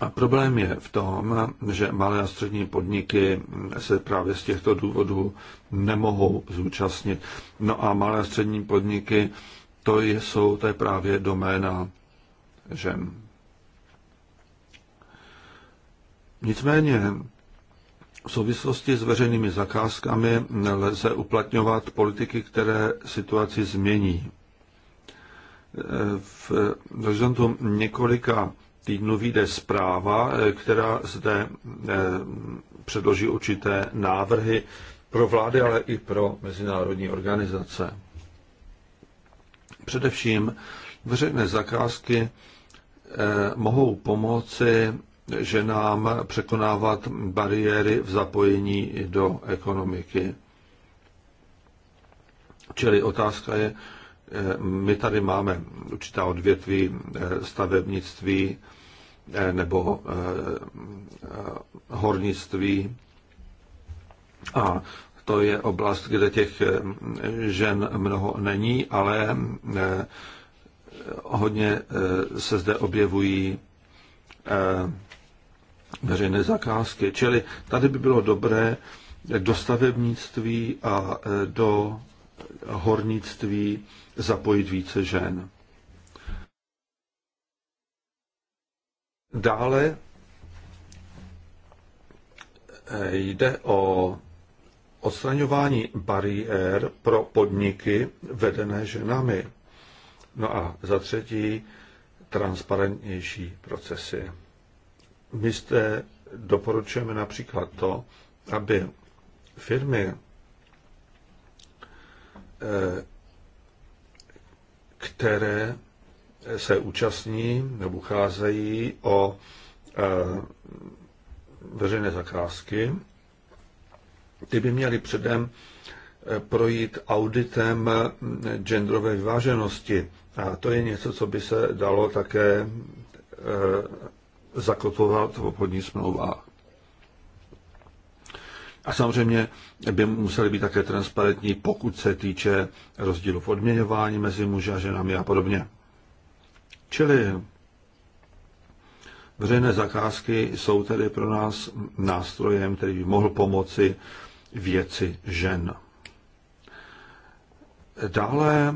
A problém je v tom, že malé a střední podniky se právě z těchto důvodů nemohou zúčastnit. No a malé a střední podniky, to jsou, to je právě doména žen. Nicméně v souvislosti s veřejnými zakázkami lze uplatňovat politiky, které situaci změní. V horizontu několika týdnů vyjde zpráva, která zde eh, předloží určité návrhy pro vlády, ale i pro mezinárodní organizace. Především veřejné zakázky eh, mohou pomoci ženám překonávat bariéry v zapojení do ekonomiky. Čili otázka je, eh, my tady máme určitá odvětví eh, stavebnictví eh, nebo hornictví a to je oblast, kde těch žen mnoho není, ale hodně se zde objevují veřejné zakázky. Čili tady by bylo dobré do stavebnictví a e, do hornictví zapojit více žen. Dále e, jde o odstraňování bariér pro podniky vedené ženami. No a za třetí transparentnější procesy. My zde doporučujeme například to, aby firmy, eh, které se účastní nebo ucházejí o eh, veřejné zakázky, ty by měly předem eh, projít auditem genderové vyváženosti. A to je něco, co by se dalo také zakotovat v obchodních smlouvách. A samozřejmě by museli být také transparentní, pokud se týče rozdílu v odměňování mezi muži a ženami a podobně. Čili veřejné zakázky jsou tedy pro nás nástrojem, který by mohl pomoci věci žen. Dále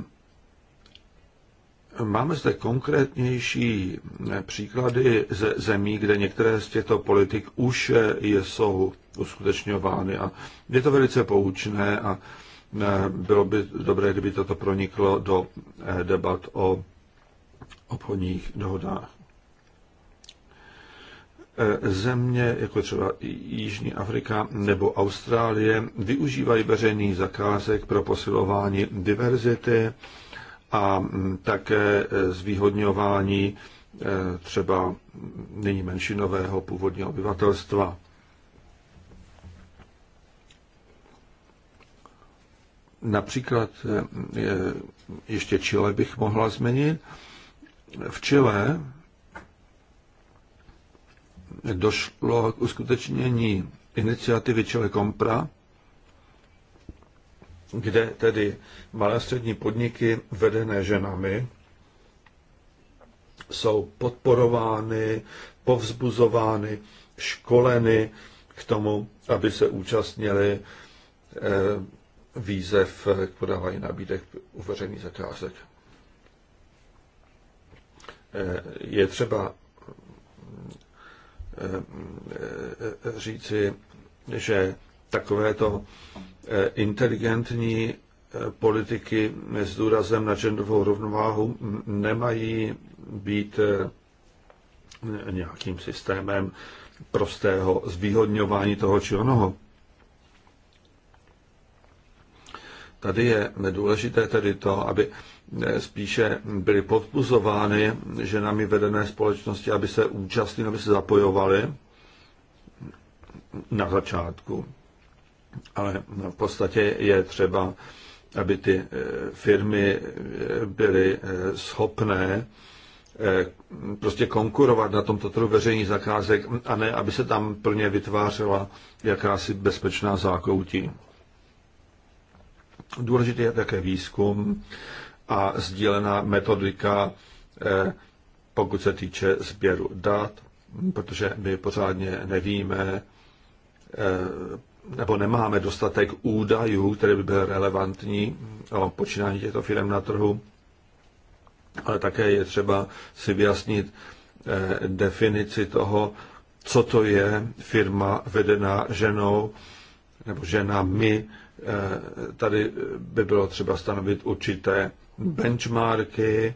Máme zde konkrétnější eh, příklady ze zemí, kde některé z těchto politik už eh, jsou uskutečňovány a je to velice poučné a eh, bylo by dobré, kdyby toto proniklo do debat o obchodních dohodách. Země, jako třeba Jižní Afrika nebo Austrálie, využívají veřejných zakázek pro posilování diverzity, a mm, také e, zvýhodňování e, třeba nyní menšinového původního obyvatelstva. Například e, ještě Chile bych mohla změnit. V Chile došlo k uskutečnění iniciativy Chile Compra, kde tedy malé střední podniky vedené ženami jsou podporovány, povzbuzovány, školeny k tomu, aby se účastnili eh, výzev k podávání nabídek u veřejných zakázek. Eh, je třeba eh, říci, že takovéto Eh, inteligentní eh, politiky s důrazem na genderovou rovnováhu nemají být eh, nějakým systémem prostého zvýhodňování toho či onoho. Tady je důležité tedy to, aby spíše byly podpuzovány ženami vedené společnosti, aby se účastnili, aby se zapojovali na začátku ale v podstatě je třeba, aby ty eh, firmy eh, byly eh, schopné prostě konkurovat na tomto trhu veřejných zakázek a ne, aby se tam plně vytvářela jakási bezpečná zákoutí. Důležitý je také výzkum a sdílená metodika, pokud se týče sběru dat, protože my pořádně nevíme, nebo nemáme dostatek údajů, které by byly relevantní o počínání těchto firm na trhu, ale také je třeba si vyjasnit eh, definici toho, co to je firma vedená ženou nebo ženami. Eh, tady by bylo třeba stanovit určité benchmarky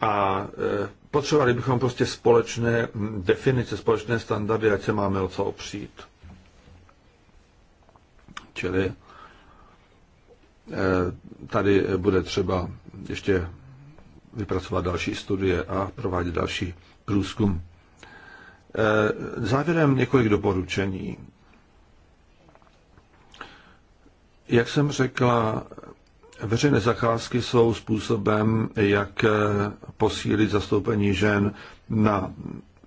a eh, potřebovali bychom prostě společné hm, definice, společné standardy, ať se máme o co opřít. Čili eh, tady bude třeba ještě vypracovat další studie a provádět další průzkum. Eh, závěrem několik doporučení. Jak jsem řekla, veřejné zakázky jsou způsobem, jak eh, posílit zastoupení žen na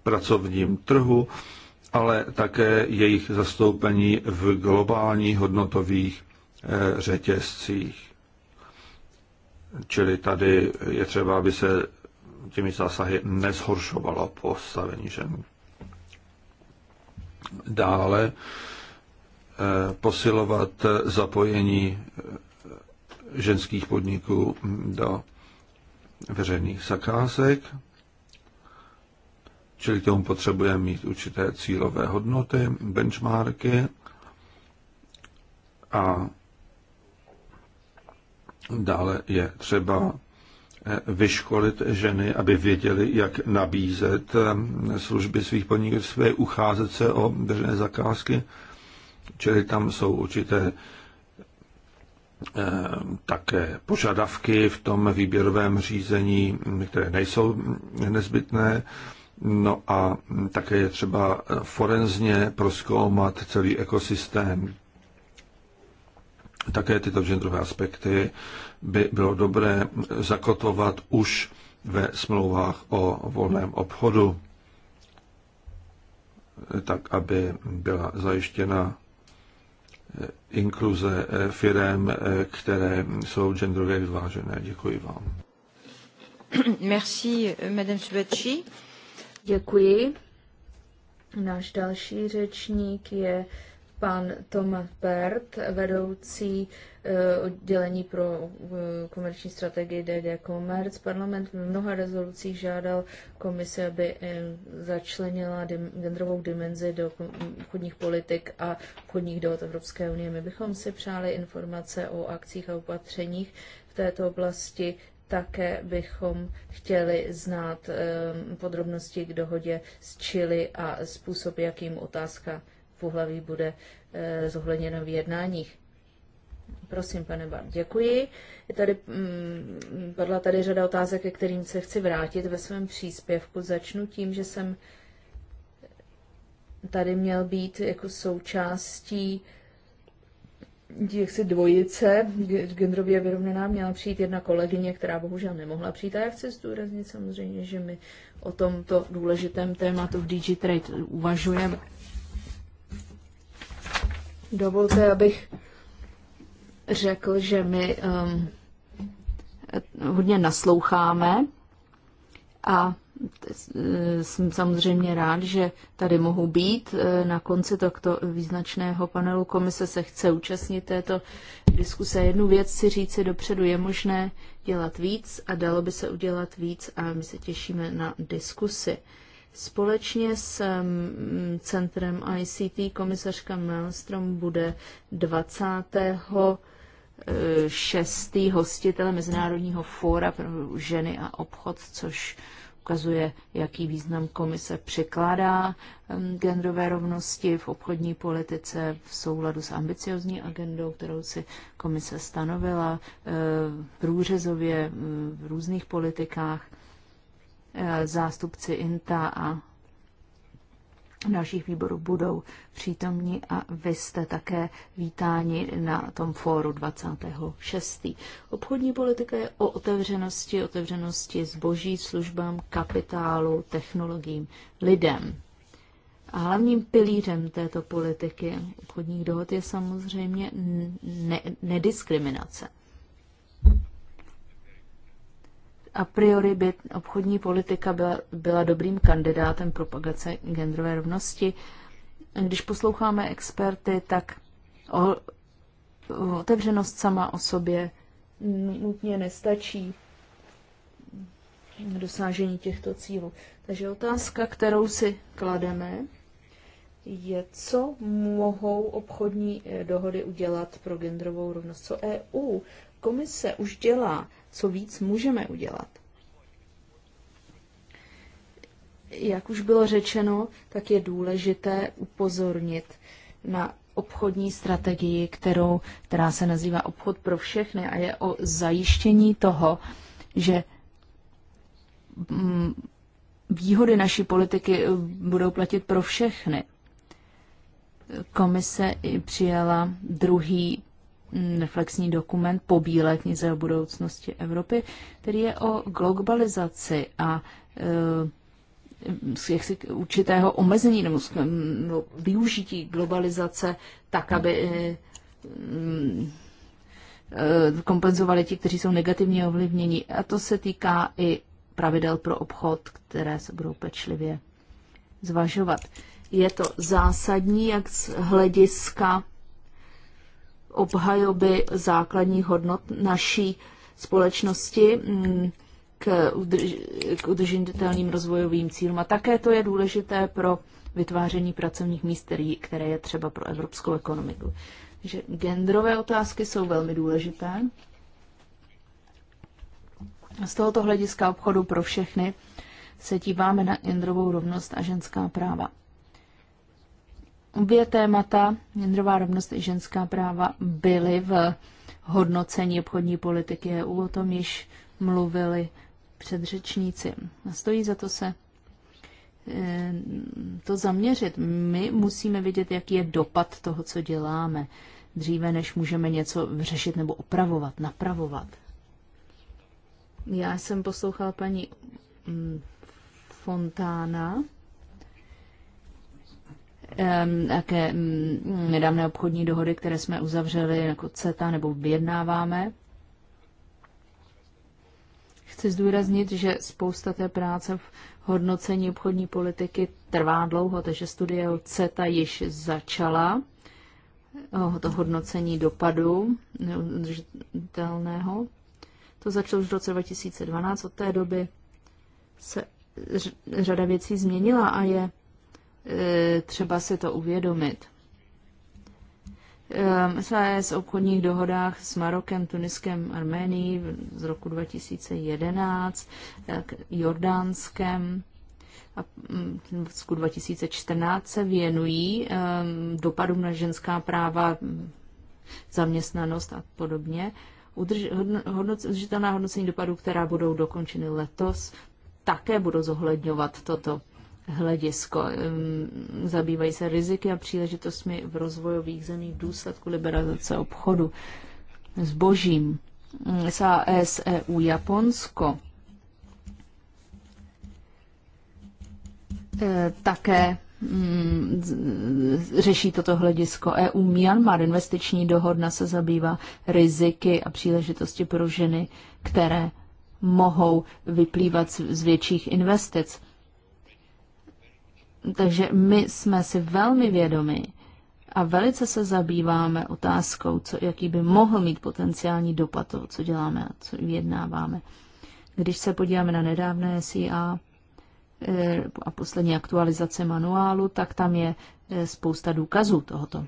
pracovním trhu, ale také jejich zastoupení v globálních hodnotových eh, řetězcích. Čili tady je třeba, aby se těmi zásahy nezhoršovalo postavení žen. Dále eh, posilovat zapojení eh, ženských podniků do veřejných zakázek Čili tomu potřebujeme mít určité cílové hodnoty, benchmarky a dále je třeba eh, vyškolit ženy, aby věděli, jak nabízet eh, služby svých podniků, své ucházet se o běžné zakázky. Čili tam jsou určité eh, také požadavky v tom výběrovém řízení, které nejsou nezbytné. No a také je třeba forenzně proskoumat celý ekosystém. Také tyto genderové aspekty by bylo dobré zakotovat už ve smlouvách o volném obchodu, tak aby byla zajištěna inkluze firm, které jsou genderově vyvážené. Děkuji vám. Merci, Madame Subachi. Děkuji. Náš další řečník je pan Tomas Bert, vedoucí eh, oddělení pro eh, komerční strategii DD Commerce. Parlament v mnoha rezolucích žádal komisi, aby eh, začlenila genderovou dimenzi do obchodních politik a obchodních dohod Evropské unie. My bychom si přáli informace o akcích a opatřeních v této oblasti také bychom chtěli znát podrobnosti k dohodě s Chile a způsob, jakým otázka pohlaví bude eh, zohledněna v jednáních. Prosím, pane Bar, děkuji. Je tady, mm, padla tady řada otázek, ke kterým se chci vrátit ve svém příspěvku. Začnu tím, že jsem tady měl být jako součástí jaksi dvojice, genderově vyrovnaná, měla přijít jedna kolegyně, která bohužel nemohla přijít. A já chci zdůraznit samozřejmě, že my o tomto důležitém tématu v DigiTrade uvažujeme. Dovolte, abych řekl, že my um, hodně nasloucháme a Eh, jsem samozřejmě rád, že tady mohu být. Eh, na konci tohoto význačného panelu komise se chce účastnit této diskuse. Jednu věc si říci dopředu, je možné dělat víc a dalo by se udělat víc a my se těšíme na diskusy. Společně s mm, centrem ICT komisařka Malmström bude 20 eh, šestý hostitele Mezinárodního fóra pro ženy a obchod, což ukazuje, jaký význam komise překládá genderové rovnosti v obchodní politice v souladu s ambiciozní agendou, kterou si komise stanovila eh, průřezově eh, v různých politikách. Eh, zástupci INTA a dalších výborů budou přítomní a vy jste také vítáni na tom fóru 26. Obchodní politika je o otevřenosti, otevřenosti zboží, službám, kapitálu, technologiím, lidem. A hlavním pilířem této politiky obchodních dohod je samozřejmě ne- nediskriminace. a priori by obchodní politika byla, byla dobrým kandidátem propagace genderové rovnosti. Když posloucháme experty, tak o, o otevřenost sama o sobě nutně nestačí k dosážení těchto cílů. Takže otázka, kterou si klademe, je, co mohou obchodní eh, dohody udělat pro genderovou rovnost. Co EU, komise už dělá co víc můžeme udělat. Jak už bylo řečeno, tak je důležité upozornit na obchodní strategii, kterou, která se nazývá obchod pro všechny a je o zajištění toho, že mm, výhody naší politiky eh, budou platit pro všechny. Komise přijala druhý reflexní dokument po Bílé knize o budoucnosti Evropy, který je o globalizaci a eh, jaksi určitého omezení nebo no, využití globalizace tak, aby eh, mm, eh, kompenzovali ti, kteří jsou negativně ovlivněni. A to se týká i pravidel pro obchod, které se budou pečlivě zvažovat. Je to zásadní, jak z hlediska obhajoby základních hodnot naší společnosti mm, k, udrž, k udržitelným rozvojovým cílům. A také to je důležité pro vytváření pracovních míst, který, které je třeba pro evropskou ekonomiku. Takže genderové otázky jsou velmi důležité. Z tohoto hlediska obchodu pro všechny se díváme na genderovou rovnost a ženská práva. Obě témata, genderová rovnost i ženská práva, byly v hodnocení obchodní politiky EU. O tom již mluvili předřečníci. A stojí za to se eh, to zaměřit. My musíme vidět, jaký je dopad toho, co děláme, dříve než můžeme něco řešit nebo opravovat, napravovat. Já jsem poslouchala paní mm, Fontána jaké mm, nedávné obchodní dohody, které jsme uzavřeli jako CETA nebo vyjednáváme. Chci zdůraznit, že spousta té práce v hodnocení obchodní politiky trvá dlouho, takže studie o CETA již začala. To hodnocení dopadu neudržitelného. To začalo už v roce 2012. Od té doby se řada věcí změnila a je Eh, třeba si to uvědomit. SAS eh, z obchodních dohodách s Marokem, Tuniskem, Arménií z roku 2011, Jordánskem a mm, v roku 2014 se věnují ehm, dopadům na ženská práva, zaměstnanost a podobně. Udrž, hodnoc, udržitelná hodnocení dopadů, která budou dokončeny letos, také budou zohledňovat toto hledisko. Zabývají se riziky a příležitostmi v rozvojových zemích v důsledku liberalizace obchodu božím. SAS EU Japonsko e, také mm, řeší toto hledisko. EU Myanmar investiční dohodna se zabývá riziky a příležitosti pro ženy, které mohou vyplývat z větších investic. Takže my jsme si velmi vědomi a velice se zabýváme otázkou, co, jaký by mohl mít potenciální dopad toho, co děláme a co vyjednáváme. Když se podíváme na nedávné SIA eh, a poslední aktualizace manuálu, tak tam je eh, spousta důkazů tohoto.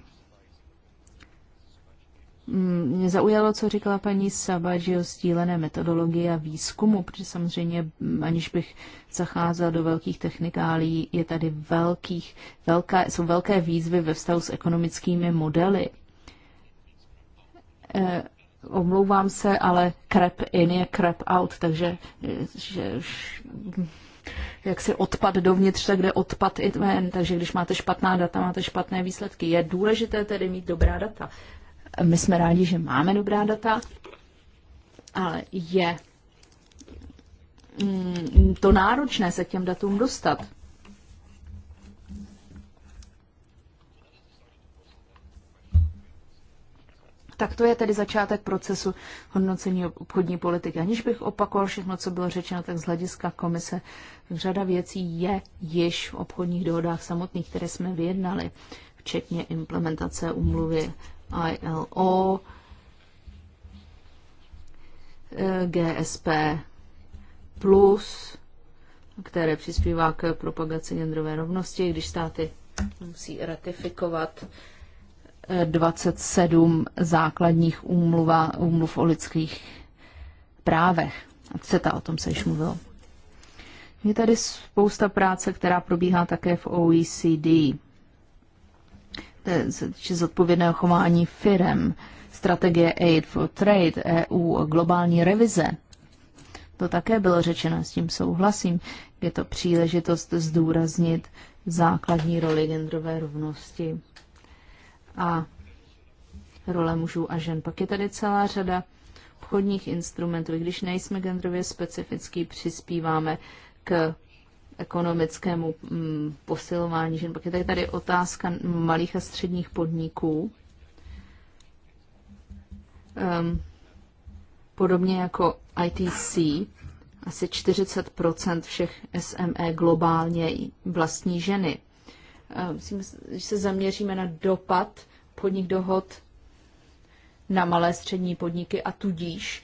Mm, mě zaujalo, co říkala paní Sabaži o stílené metodologie a výzkumu, protože samozřejmě, mm, aniž bych zacházel do velkých technikálí, je tady velkých, velká, jsou velké výzvy ve vztahu s ekonomickými modely. E, omlouvám se, ale crap in je crap out, takže eh, že, mm, jak si odpad dovnitř, tak jde odpad i ven. Takže když máte špatná data, máte špatné výsledky. Je důležité tedy mít dobrá data. My jsme rádi, že máme dobrá data, ale je mm, to náročné se k těm datům dostat. Tak to je tedy začátek procesu hodnocení obchodní politiky. Aniž bych opakoval všechno, co bylo řečeno, tak z hlediska komise řada věcí je již v obchodních dohodách samotných, které jsme vyjednali, včetně implementace umluvy ILO, eh, GSP+, plus, které přispívá k propagaci genderové rovnosti, když státy musí ratifikovat 27 eh, základních úmluva, úmluv o lidských právech. A CETA, o tom se již mluvilo. Je tady spousta práce, která probíhá také v OECD se týče zodpovědného chování firem, strategie Aid for Trade EU, globální revize. To také bylo řečeno, s tím souhlasím. Je to příležitost zdůraznit základní roli genderové rovnosti a role mužů a žen. Pak je tady celá řada obchodních instrumentů. I když nejsme genderově specifický, přispíváme k ekonomickému mm, posilování žen. Pak je tady, tady otázka malých a středních podniků. Um, podobně jako ITC, asi 40 všech SME globálně vlastní ženy. Ehm, Myslím, že se zaměříme na dopad podnik dohod na malé střední podniky a tudíž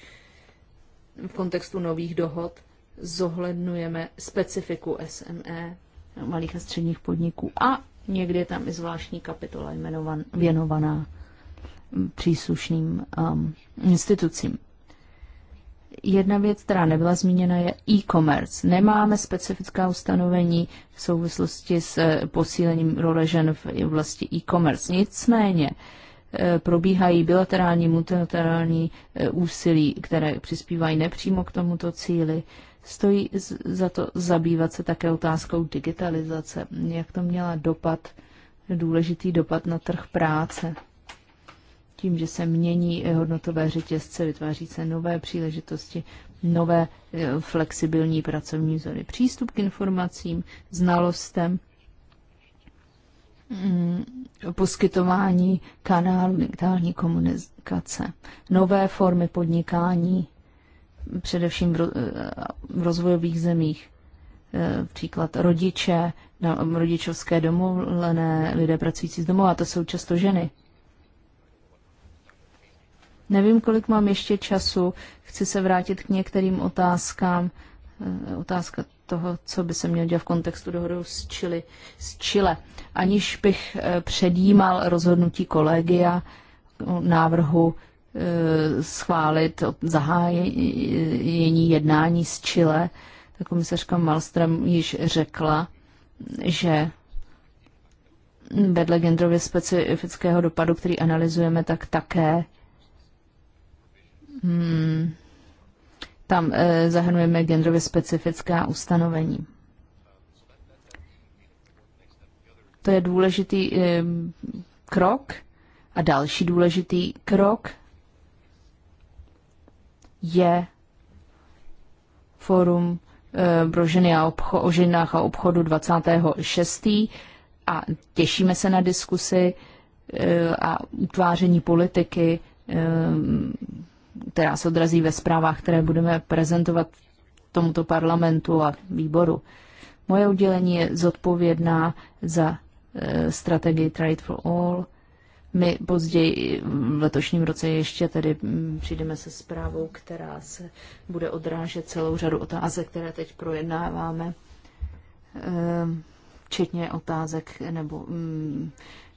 v kontextu nových dohod zohledňujeme specifiku SME malých a středních podniků a někdy je tam i zvláštní kapitola jmenovan, věnovaná příslušným um, institucím. Jedna věc, která nebyla zmíněna, je e-commerce. Nemáme specifická ustanovení v souvislosti s eh, posílením role žen v oblasti e-commerce. Nicméně eh, probíhají bilaterální, multilaterální eh, úsilí, které přispívají nepřímo k tomuto cíli. Stojí za to zabývat se také otázkou digitalizace, jak to měla dopad, důležitý dopad na trh práce. Tím, že se mění hodnotové řetězce, vytváří se nové příležitosti, nové eh, flexibilní pracovní zóny, přístup k informacím, znalostem, mm, poskytování kanálu digitální komunikace, nové formy podnikání, především v rozvojových zemích. E, příklad rodiče, rodičovské domovlené, lidé pracující z domova, to jsou často ženy. Nevím, kolik mám ještě času. Chci se vrátit k některým otázkám. E, otázka toho, co by se mělo dělat v kontextu dohodu s Chile. S Chile. Aniž bych e, předjímal rozhodnutí kolegia návrhu Eh, schválit zahájení jednání s Chile, tak komisařka Malström již řekla, že vedle genderově specifického dopadu, který analyzujeme, tak také hmm, tam eh, zahrnujeme genderově specifická ustanovení. To je důležitý eh, krok. A další důležitý krok je forum eh, pro ženy a obcho, o ženách a obchodu 26. a těšíme se na diskusy eh, a utváření politiky, eh, která se odrazí ve zprávách, které budeme prezentovat tomuto parlamentu a výboru. Moje udělení je zodpovědná za strategii Trade for All – my později v letošním roce ještě tedy mm, přijdeme se zprávou, která se bude odrážet celou řadu otázek, které teď projednáváme, ehm, včetně otázek nebo mm,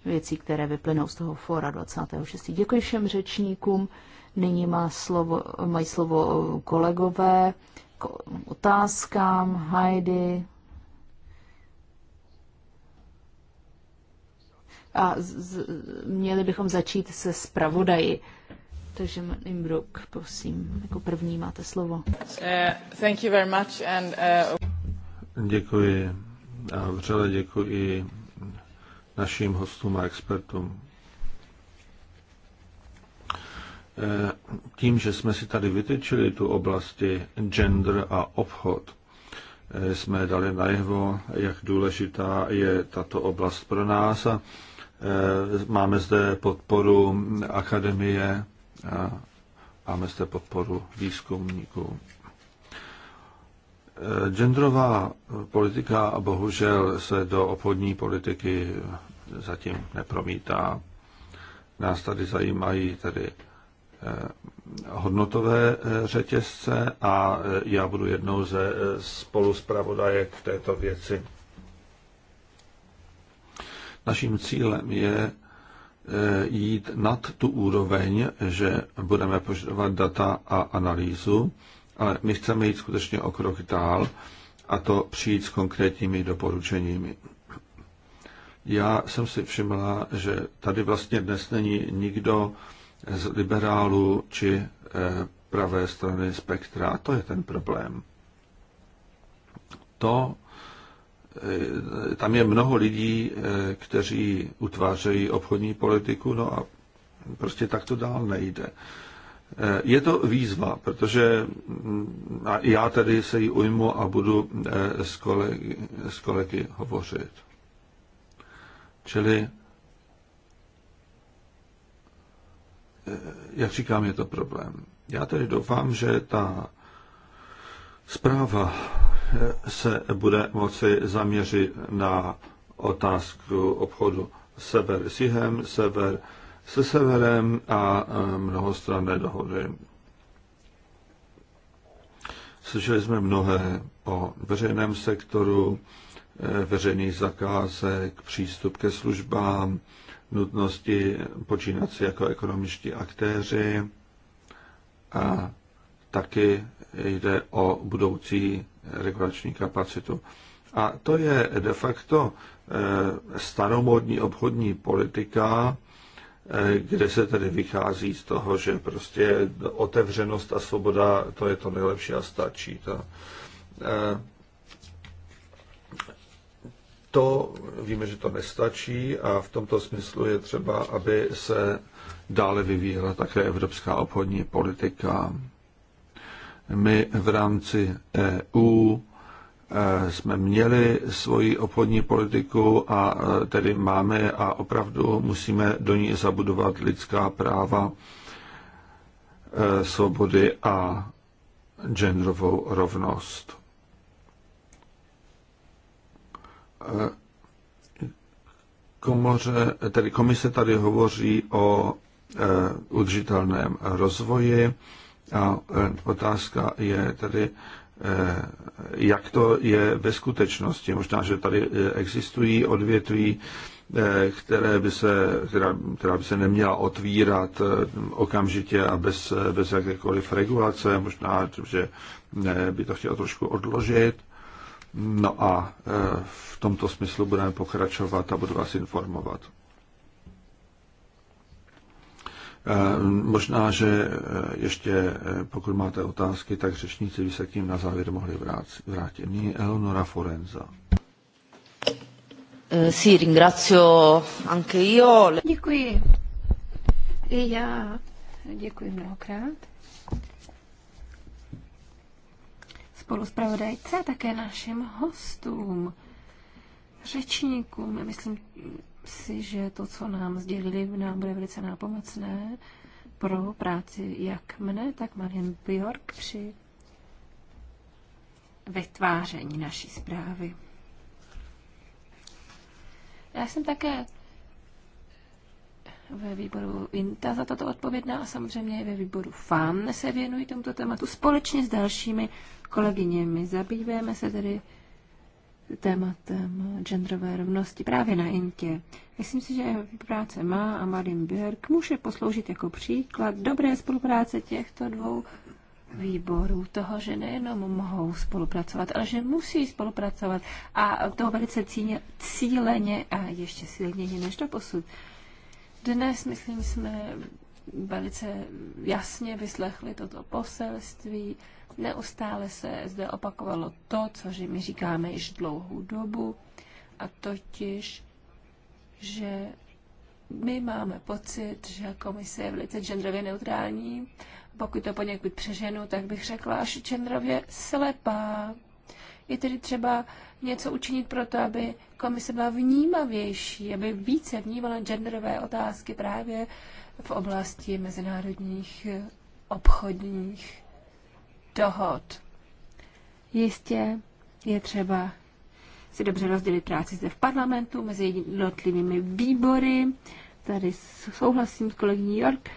věcí, které vyplynou z toho fóra 26. Děkuji všem řečníkům. Nyní má slovo, mají slovo kolegové k otázkám. Heidi, a z, měli bychom začít se zpravodaji. Takže Imbruk, prosím, jako první máte slovo. Uh, thank you very much and, uh... Děkuji a vřele děkuji našim hostům a expertům. Eh, tím, že jsme si tady vytyčili tu oblasti gender a obchod, jsme dali najevo, jak důležitá je tato oblast pro nás a Eh, máme zde podporu akademie a máme zde podporu výzkumníků. Eh, genderová politika bohužel se do obchodní politiky zatím nepromítá. Nás tady zajímají tedy eh, hodnotové řetězce a já budu jednou ze spoluzpravodajek v této věci. Naším cílem je e, jít nad tu úroveň, že budeme požadovat data a analýzu, ale my chceme jít skutečně o krok dál a to přijít s konkrétními doporučeními. Já jsem si všimla, že tady vlastně dnes není nikdo z liberálů či e, pravé strany spektra. To je ten problém. To Eh, tam je mnoho lidí, eh, kteří utvářejí obchodní politiku, no a prostě tak to dál nejde. Eh, je to výzva, protože mm, já tady se jí ujmu a budu s kolegy, s kolegy hovořit. Čili, jak říkám, je to problém. Já tedy doufám, že ta zpráva se bude moci zaměřit na otázku obchodu sever s jihem, sever se severem a e, mnohostranné dohody. Slyšeli jsme mnohé o veřejném sektoru, e, veřejných zakázek, přístup ke službám, nutnosti počínat si jako ekonomičtí aktéři a taky jde o budoucí regulační kapacitu. A to je de facto eh, staromodní obchodní politika, eh, kde se tedy vychází z toho, že prostě otevřenost a svoboda, to je to nejlepší a stačí. To, eh, to víme, že to nestačí a v tomto smyslu je třeba, aby se dále vyvíjela také evropská obchodní politika. My v rámci EU e, jsme měli svoji obchodní politiku a e, tedy máme a opravdu musíme do ní zabudovat lidská práva, e, svobody a genderovou rovnost. Komoře, tedy komise tady hovoří o udržitelném rozvoji a e, otázka je tedy, e, jak to je ve skutečnosti. Možná, že tady e, existují odvětví, které by se, která, která by se neměla otvírat okamžitě a bez, bez jakékoliv regulace. Možná, že by to chtělo trošku odložit. No a v tomto smyslu budeme pokračovat a budu vás informovat. Eh, možná, že eh, ještě eh, pokud máte otázky, tak řečníci by se k ním na závěr mohli vrátit. Nyní Eleonora Forenza. Děkuji. I já děkuji mnohokrát. Spolu s také našim hostům. My Myslím si, že to, co nám sdělili, nám bude velice nápomocné pro práci jak mne, tak Marian Bjork při vytváření naší zprávy. Já jsem také ve výboru INTA za toto odpovědná a samozřejmě i ve výboru fan se věnují tomuto tématu společně s dalšími kolegyněmi. Zabýváme se tedy tématem genderové rovnosti právě na Intě. Myslím si, že práce má a Marin Björk může posloužit jako příklad dobré spolupráce těchto dvou výborů toho, že nejenom mohou spolupracovat, ale že musí spolupracovat a toho velice cíně, cíleně a ještě silněji než do posud. Dnes, myslím, jsme velice jasně vyslechli toto poselství, Neustále se zde opakovalo to, co my říkáme již dlouhou dobu, a totiž, že my máme pocit, že komise je velice genderově neutrální. Pokud to poněkud přeženu, tak bych řekla až genderově slepá. Je tedy třeba něco učinit pro to, aby komise byla vnímavější, aby více vnímala genderové otázky právě v oblasti mezinárodních obchodních dohod. Jistě je třeba si dobře rozdělit práci zde v parlamentu mezi jednotlivými výbory. Tady souhlasím s kolegyní York.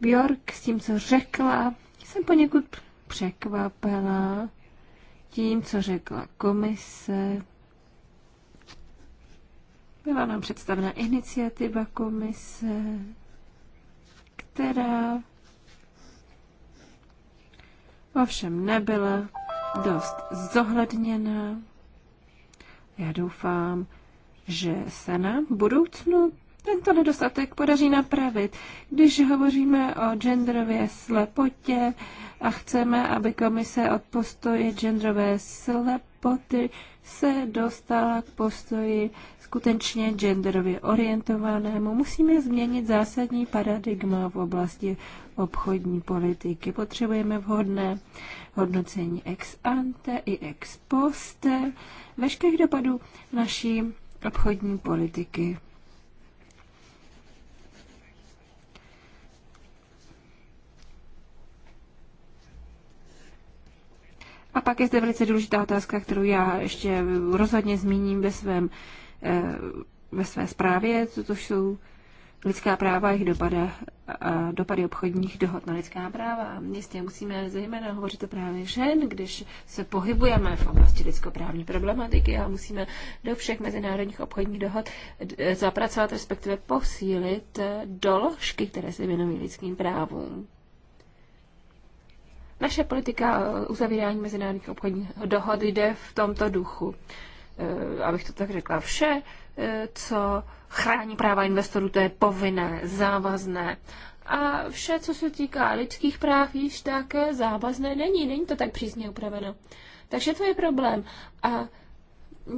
Bjork s tím, co řekla. Jsem poněkud překvapená tím, co řekla komise. Byla nám představena iniciativa komise, která ovšem nebyla dost zohledněna. Já doufám, že se nám v budoucnu tento nedostatek podaří napravit. Když hovoříme o genderové slepotě a chceme, aby komise od postoje genderové slepoty se dostala k postoji skutečně genderově orientovanému, musíme změnit zásadní paradigma v oblasti obchodní politiky. Potřebujeme vhodné hodnocení ex ante i ex poste veškerých dopadů naší obchodní politiky. A pak je zde velice důležitá otázka, kterou já ještě rozhodně zmíním ve, svém, eh, ve své zprávě, to jsou lidská práva jejich dopada, a dopady obchodních dohod na lidská práva. Jistě musíme zejména hovořit o právě žen, když se pohybujeme v oblasti lidskoprávní problematiky a musíme do všech mezinárodních obchodních dohod eh, zapracovat, respektive posílit eh, doložky, které se věnují lidským právům. Naše politika eh, uzavírání mezinárodních obchodních dohod jde v tomto duchu abych to tak řekla, vše, co chrání práva investorů, to je povinné, závazné. A vše, co se týká lidských práv, již tak závazné není, není to tak přísně upraveno. Takže to je problém. A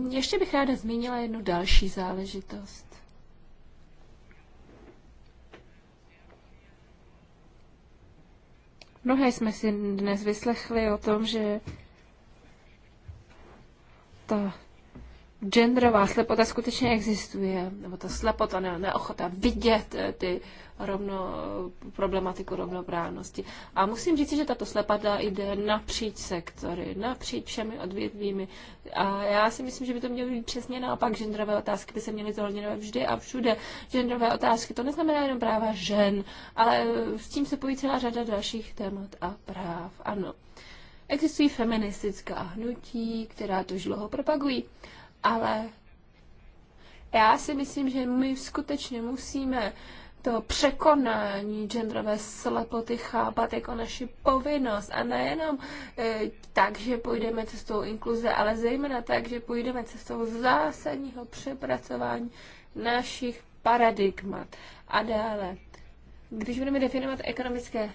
ještě bych ráda zmínila jednu další záležitost. Mnohé jsme si dnes vyslechli o tom, že ta genderová slepota skutečně existuje, nebo ta slepota, ne, neochota vidět eh, ty rovno, problematiku rovnoprávnosti. A musím říct, že tato slepota jde napříč sektory, napříč všemi odvětvími. A já si myslím, že by to mělo být přesně naopak. Genderové otázky by se měly zohledňovat vždy a všude. Genderové otázky, to neznamená jenom práva žen, ale eh, s tím se pojí celá řada dalších témat a práv. Ano. Existují feministická hnutí, která to dlouho propagují ale já si myslím, že my skutečně musíme to překonání genderové slepoty chápat jako naši povinnost a nejenom e, tak, že půjdeme cestou inkluze, ale zejména tak, že půjdeme cestou zásadního přepracování našich paradigmat. A dále, když budeme definovat ekonomické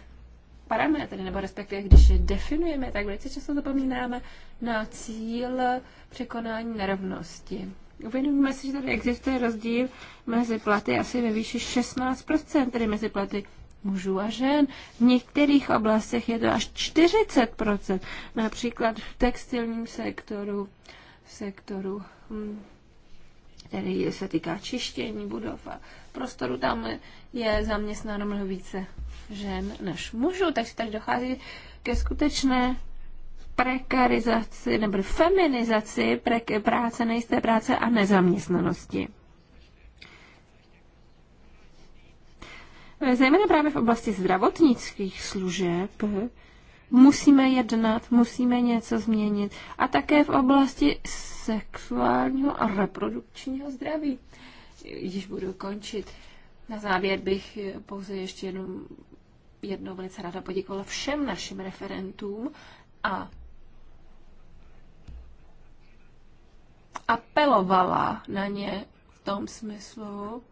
parametry, nebo respektive když je definujeme, tak velice často zapomínáme na cíl překonání nerovnosti. Uvědomíme si, že tady existuje rozdíl mezi platy asi ve výši 16%, tedy mezi platy mužů a žen. V některých oblastech je to až 40%, například v textilním sektoru, v sektoru, hm, který se týká čištění budov a prostoru, tam je zaměstnáno mnohem více žen než mužů, takže tak dochází ke skutečné prekarizaci nebo feminizaci pre- práce, nejisté práce a nezaměstnanosti. Zejména právě v oblasti zdravotnických služeb musíme jednat, musíme něco změnit. A také v oblasti sexuálního a reprodukčního zdraví. Když budu končit. Na závěr bych pouze ještě jednou jednou velice ráda poděkovala všem našim referentům a apelovala na ně v tom smyslu,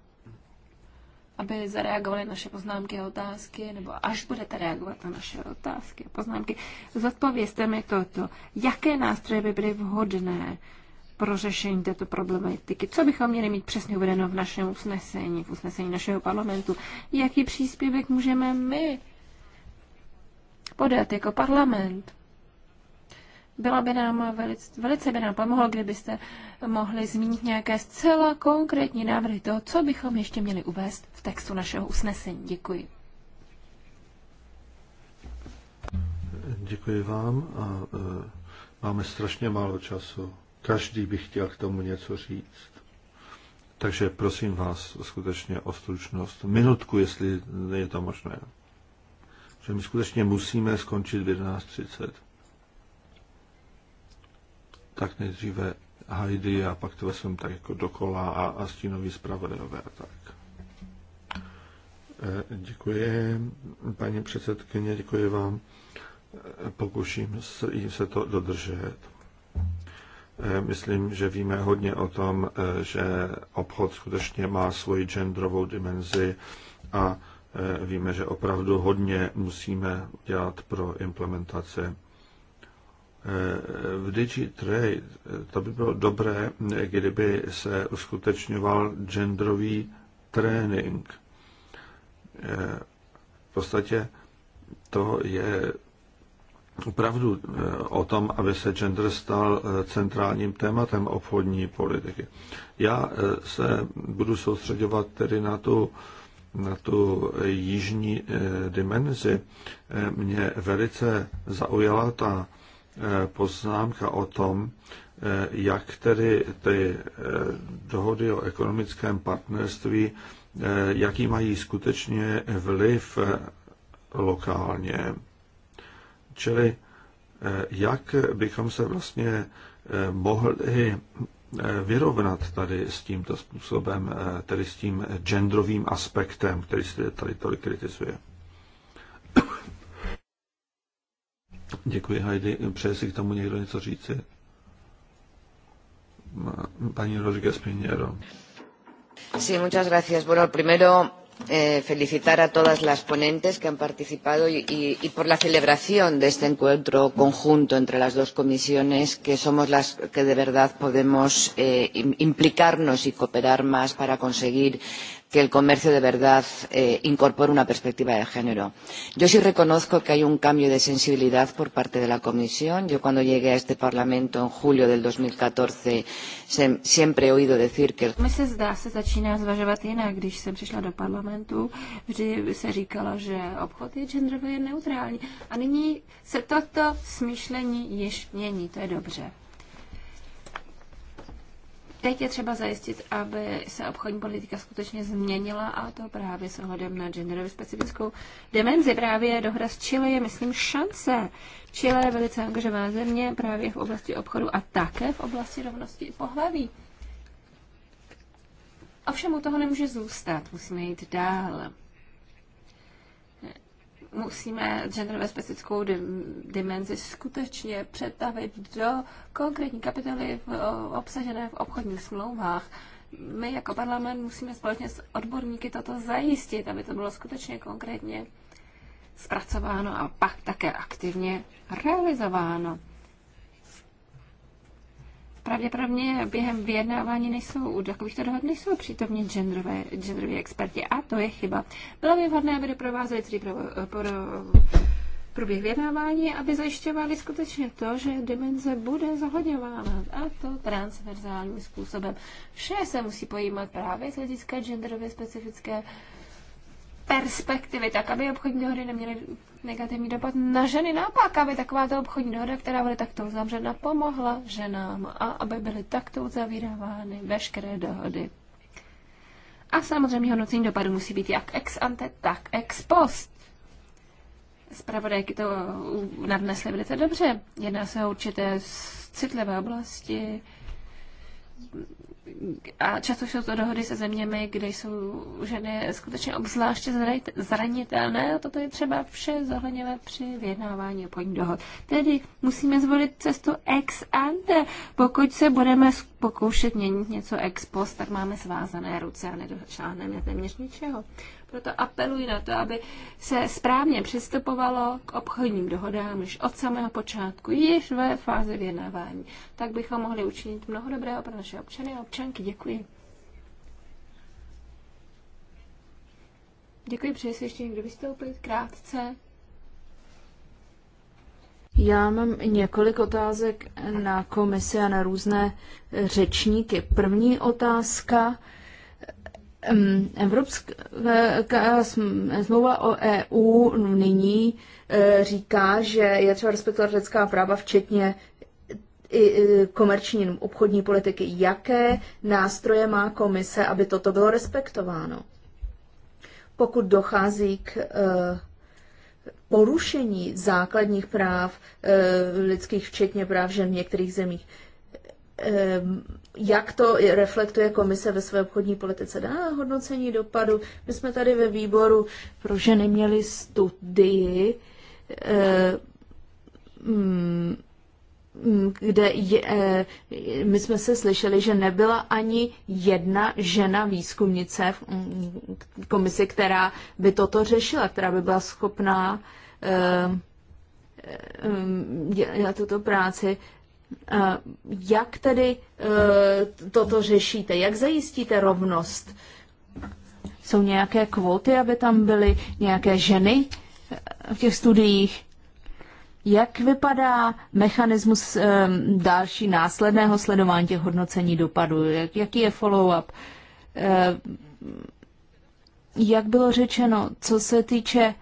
aby zareagovali naše poznámky a otázky, nebo až budete reagovat na naše otázky a poznámky, zodpovězte mi toto. Jaké nástroje by byly vhodné pro řešení této problematiky. Co bychom měli mít přesně uvedeno v našem usnesení, v usnesení našeho parlamentu? Jaký příspěvek můžeme my podat jako parlament? Byla by nám velice, velice by nám pomohlo, kdybyste mohli zmínit nějaké zcela konkrétní návrhy toho, co bychom ještě měli uvést v textu našeho usnesení. Děkuji. Děkuji vám a e, máme strašně málo času. Každý by chtěl k tomu něco říct. Takže prosím vás skutečně o stručnost. Minutku, jestli je to možné. Že my skutečně musíme skončit v 11.30. Tak nejdříve Heidi a pak to jsem tak jako dokola a, a stínový zpravodajové a tak. Eh, děkuji, paní předsedkyně, děkuji vám. Eh, Pokuším se to dodržet. Eh, myslím, že víme hodně o tom, eh, že obchod skutečně má svoji genderovou dimenzi a eh, víme, že opravdu hodně musíme dělat pro implementaci. V DigiTrade to by bylo dobré, kdyby se uskutečňoval genderový trénink. V podstatě to je opravdu eh, o tom, aby se gender stal eh, centrálním tématem obchodní politiky. Já eh, se budu soustředovat tedy na tu, na tu jižní dimenzi. Mě velice zaujala ta poznámka o tom, jak tedy ty dohody o ekonomickém partnerství, jaký mají skutečně vliv lokálně Čili eh, jak bychom se vlastně eh, mohli eh, vyrovnat tady s tímto způsobem, tedy s tím genderovým aspektem, který se tady tolik kritizuje. Děkuji, Heidi. Přeje si k tomu někdo něco říci? Paní Rodriguez Piñero. Sí, muchas gracias. Bueno, primero eh, felicitar a todas las ponentes que han participado y, y, y por la celebración de este encuentro conjunto entre las dos comisiones, que somos las que de verdad podemos eh, implicarnos y cooperar más para conseguir que el comercio de verdad eh, incorpore una perspectiva de género. Yo sí reconozco que hay un cambio de sensibilidad por parte de la Comisión. Yo cuando llegué a este Parlamento en julio del 2014 jsem, siempre he oído decir que... Mi se zdá, se začíná zvažovat jinak. Když jsem přišla do parlamentu, vždy se říkalo, že obchod je genderově neutrální. A nyní se toto smýšlení již mění. To je dobře. Teď je třeba zajistit, aby se obchodní politika skutečně změnila a to právě s ohledem na genderově specifickou demenzi. Právě dohra s Chile je, myslím, šance. Chile je velice angažová země právě v oblasti obchodu a také v oblasti rovnosti pohlaví. Ovšem u toho nemůže zůstat, musíme jít dál musíme genderově specifickou dimenzi skutečně přetavit do konkrétní kapitoly v, obsažené v obchodních smlouvách. My jako parlament musíme společně s odborníky toto zajistit, aby to bylo skutečně konkrétně zpracováno a pak také aktivně realizováno pravděpodobně během vyjednávání nejsou, u takovýchto dohod nejsou přítomní genderové, genderoví experti a to je chyba. Bylo by vhodné, aby doprovázeli celý pro, pro, průběh vyjednávání, aby zajišťovali skutečně to, že dimenze bude zahodňována a to transverzálním způsobem. Vše se musí pojímat právě z hlediska genderově specifické perspektivy, tak aby obchodní dohody neměly negativní dopad na ženy. Naopak, aby ta obchodní dohoda, která bude takto uzavřena, pomohla ženám a aby byly takto uzavírávány veškeré dohody. A samozřejmě hodnocení dopadu musí být jak ex ante, tak ex post. Spravodajky to nadnesly velice dobře. Jedná se o určité citlivé oblasti, a často jsou to dohody se zeměmi, kde jsou ženy skutečně obzvláště zranitelné a toto je třeba vše zohledňovat při vyjednávání obchodních dohod. Tedy musíme zvolit cestu ex ante. Pokud se budeme pokoušet měnit něco ex post, tak máme svázané ruce a nedošáhneme téměř ničeho. Proto apeluji na to, aby se správně přistupovalo k obchodním dohodám už od samého počátku, již ve fázi vyjednávání. Tak bychom mohli učinit mnoho dobrého pro naše občany a občanky. Děkuji. Děkuji, přeji si ještě někdo vystoupit krátce. Já mám několik otázek na komisi a na různé řečníky. První otázka Evropská smlouva o EU nyní e, říká, že je třeba respektovat lidská práva, včetně i e, komerční obchodní politiky. Jaké nástroje má komise, aby toto bylo respektováno? Pokud dochází k e, porušení základních práv lidských, včetně práv žen v některých zemích, jak to reflektuje komise ve své obchodní politice. Dá hodnocení dopadu. My jsme tady ve výboru pro ženy měli studii, eh, mm, mm, kde je, eh, my jsme se slyšeli, že nebyla ani jedna žena výzkumnice v mm, komisi, která by toto řešila, která by byla schopná eh, dělat tuto práci. Jak tedy e, toto řešíte? Jak zajistíte rovnost? Jsou nějaké kvóty, aby tam byly nějaké ženy e, v těch studiích? Jak vypadá mechanismus e, další následného sledování těch hodnocení dopadů? Jaký je follow-up? Jak bylo řečeno, co se týče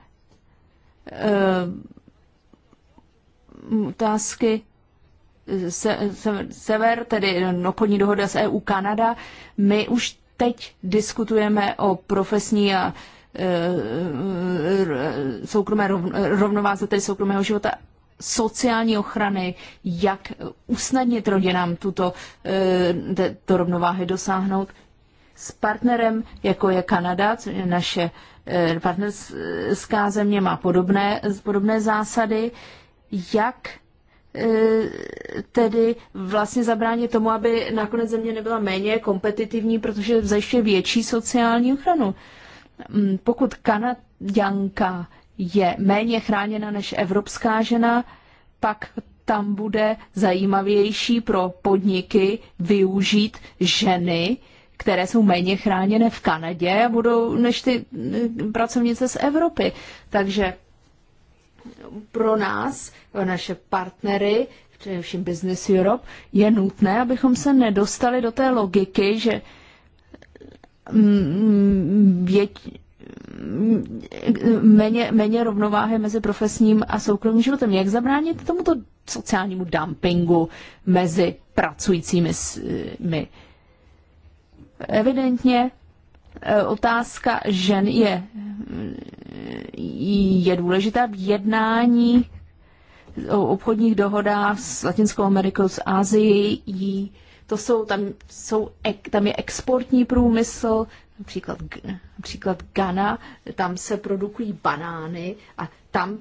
otázky se, se, sever, tedy no, obchodní dohoda s EU Kanada. My už teď diskutujeme o profesní a e, e soukromé rovnováze, tedy soukromého života sociální ochrany, jak usnadnit rodinám tuto e, to rovnováhy dosáhnout s partnerem, jako je Kanada, což je naše e, partnerská země, má podobné, podobné zásady, jak E, tedy vlastně zabránit tomu, aby nakonec země nebyla méně kompetitivní, protože zajišťuje větší sociální ochranu. Mm, pokud Kanaďanka je méně chráněna než evropská žena, pak tam bude zajímavější pro podniky využít ženy, které jsou méně chráněné v Kanadě a budou než ty e, pracovnice z Evropy. Takže pro nás, pro naše partnery, především Business Europe, je nutné, abychom se nedostali do té logiky, že mm, věť, mm, méně, méně rovnováhy mezi profesním a soukromým životem. Jak zabránit tomuto sociálnímu dumpingu mezi pracujícími? Eh, Evidentně otázka žen je, je důležitá v jednání o obchodních dohodách s Latinskou Amerikou, s Ázií. To jsou, tam, jsou, tam je exportní průmysl, například, například Ghana, tam se produkují banány a tam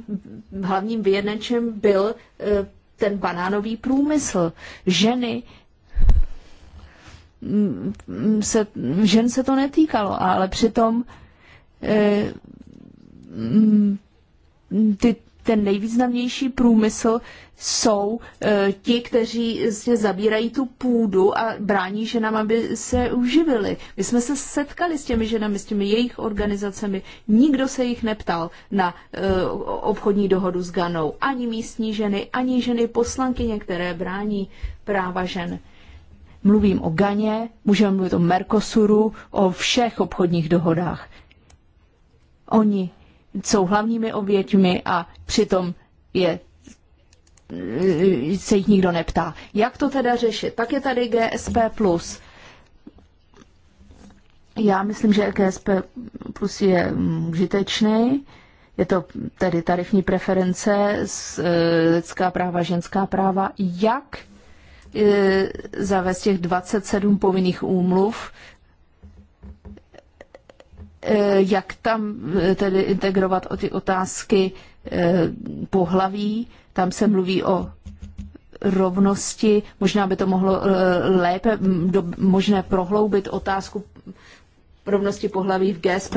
hlavním vyjednačem byl eh, ten banánový průmysl. Ženy se, žen se to netýkalo, ale přitom eh, mm, ty, ten nejvýznamnější průmysl jsou eh, ti, kteří vlastně zabírají tu půdu a brání ženám, aby se uživili. My jsme se setkali s těmi ženami, s těmi jejich organizacemi. Nikdo se jich neptal na eh, obchodní dohodu s Ganou. Ani místní ženy, ani ženy poslanky, které brání práva žen mluvím o Ganě, můžeme mluvit o Mercosuru, o všech obchodních dohodách. Oni jsou hlavními oběťmi a přitom je eh, se jich nikdo neptá. Jak to teda řešit? Pak je tady GSP+. Já myslím, že GSP plus je mm, užitečný. Je to tedy tarifní preference, eh, lidská práva, ženská práva. Jak E, zavést těch 27 povinných úmluv, e, jak tam e, tedy integrovat o ty otázky pohlaví. Tam se mluví o rovnosti, možná by to mohlo lépe do, možné prohloubit otázku rovnosti pohlaví v GSP+.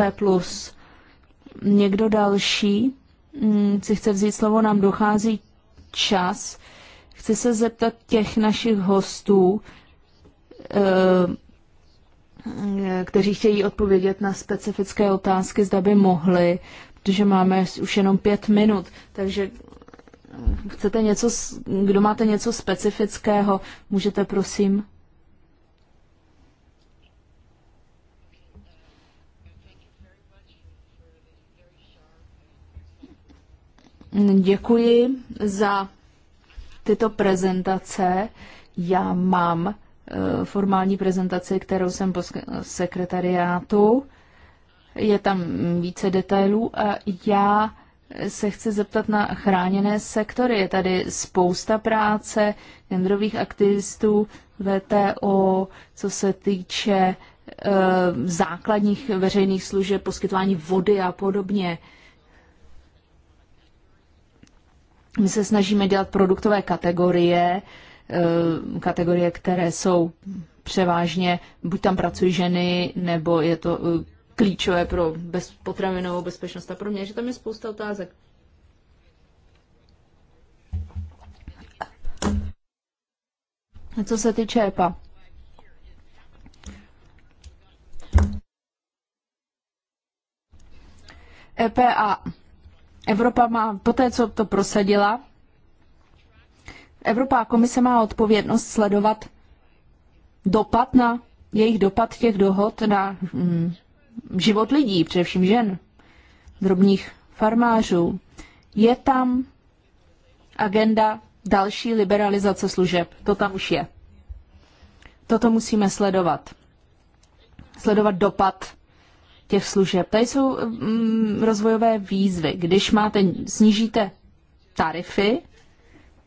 Někdo další mm, si chce vzít slovo, nám dochází čas. Chci se zeptat těch našich hostů, eh, kteří chtějí odpovědět na specifické otázky, zda by mohli, protože máme už jenom pět minut, takže eh, chcete něco, kdo máte něco specifického, můžete prosím. Děkuji za tyto prezentace já mám eh, formální prezentaci, kterou jsem po sekretariátu. Je tam více detailů a já se chci zeptat na chráněné sektory. Je tady spousta práce genderových aktivistů VTO, co se týče e, základních veřejných služeb, poskytování vody a podobně. E, My se snažíme dělat produktové kategorie, eh, kategorie, které jsou převážně, buď tam pracují ženy, nebo je to eh, klíčové pro bez, potravinovou bezpečnost a pro mě, že tam je spousta otázek. A co se týče EPA? EPA Evropa má, po co to prosadila, Evropa komise má odpovědnost sledovat dopad na jejich dopad těch dohod na mm, život lidí, především žen, drobných farmářů. Je tam agenda další liberalizace služeb. To tam už je. Toto musíme sledovat. Sledovat dopad těch služeb. Tady jsou mm, rozvojové výzvy. Když máte, snížíte tarify,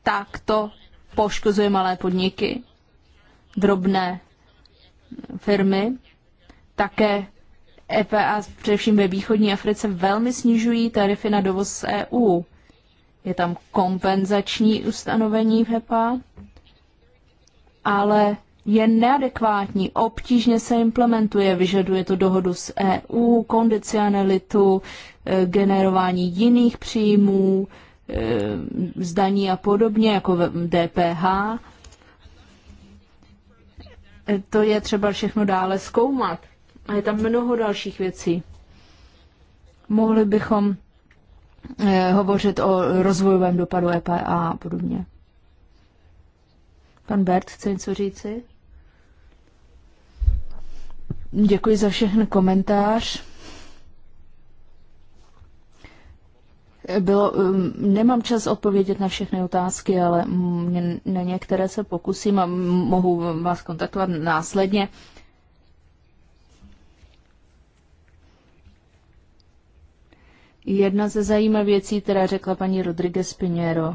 tak to poškozuje malé podniky, drobné firmy. Také EPA, především ve východní Africe, velmi snižují tarify na dovoz z EU. Je tam kompenzační ustanovení v EPA, ale je neadekvátní, obtížně se implementuje, vyžaduje to dohodu s EU, kondicionalitu, eh, generování jiných příjmů, eh, zdaní a podobně, jako v DPH. Eh, to je třeba všechno dále zkoumat. A je tam mnoho dalších věcí. Mohli bychom hovořit o rozvojovém dopadu EPA a podobně. Pan Bert chce něco říci? Děkuji za všechny komentář. Bylo, um, nemám čas odpovědět na všechny otázky, ale na některé se pokusím a mohu vás kontaktovat následně. Jedna ze zajímavých věcí, která řekla paní Rodriguez Pinheiro,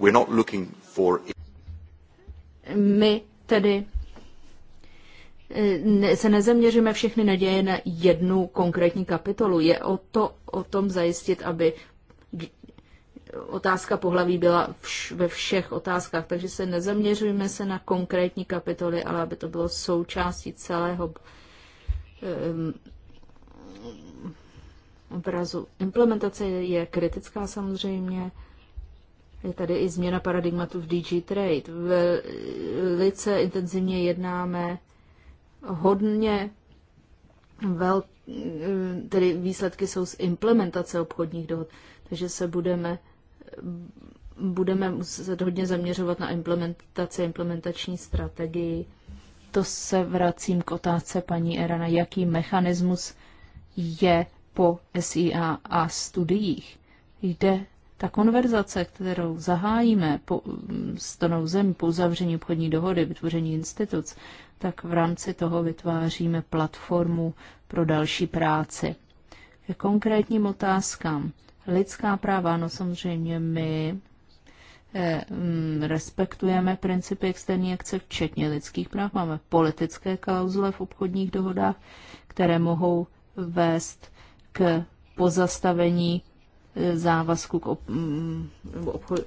We're not looking for... My tedy eh, se nezaměříme všechny naděje na jednu konkrétní kapitolu. Je o to, o tom zajistit, aby otázka pohlaví byla vš, ve všech otázkách, takže se nezaměřujeme se na konkrétní kapitoly, ale aby to bylo součástí celého um, obrazu. Implementace je kritická samozřejmě, je tady i změna paradigmatu v DG Trade. Velice intenzivně jednáme hodně vel, tedy výsledky jsou z implementace obchodních dohod, takže se budeme budeme muset hodně zaměřovat na implementaci, implementační strategii. To se vracím k otázce paní Erana, jaký mechanismus je po SIA a studiích. Jde ta konverzace, kterou zahájíme po, s tonou zemí po uzavření obchodní dohody, vytvoření instituc, tak v rámci toho vytváříme platformu pro další práci. Ke konkrétním otázkám. Lidská práva, no samozřejmě my eh, mm, respektujeme principy externí akce, včetně lidských práv. Máme politické klauzule v obchodních dohodách, které mohou vést k pozastavení závazku k ob, mm, obchodu.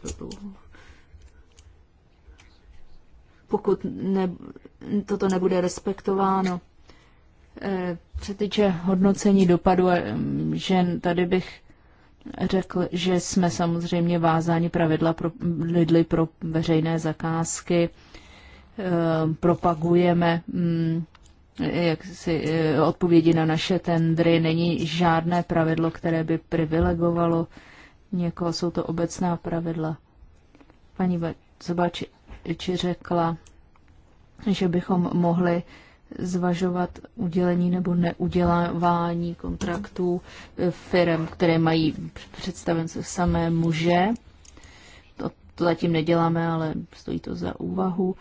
Pokud ne, toto nebude respektováno, eh, se týče hodnocení dopadu eh, že tady bych řekl, že jsme samozřejmě vázáni pravidla pro lidly pro veřejné zakázky, eh, propagujeme mm, jak si eh, odpovědi na naše tendry. Není žádné pravidlo, které by privilegovalo někoho, jsou to obecná pravidla. Paní Zobáči řekla, že bychom mohli zvažovat udělení nebo neudělávání kontraktů eh, firm, které mají se samé muže. To, to zatím neděláme, ale stojí to za úvahu.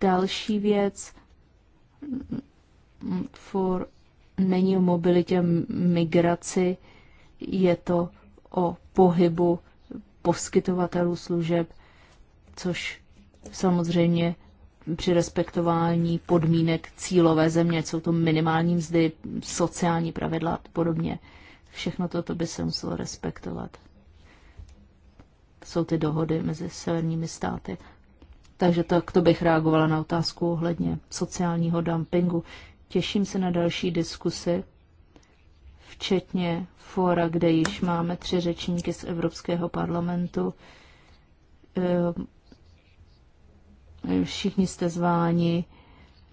Další věc, for není o mobilitě migraci, je to o pohybu poskytovatelů služeb, což samozřejmě při respektování podmínek cílové země, jsou to minimální mzdy, sociální pravidla a podobně. Všechno toto by se muselo respektovat. Jsou ty dohody mezi severními státy. Takže tak to bych reagovala na otázku ohledně sociálního dumpingu. Těším se na další diskusy, včetně fora, kde již máme tři řečníky z Evropského parlamentu. Eh, všichni jste zváni,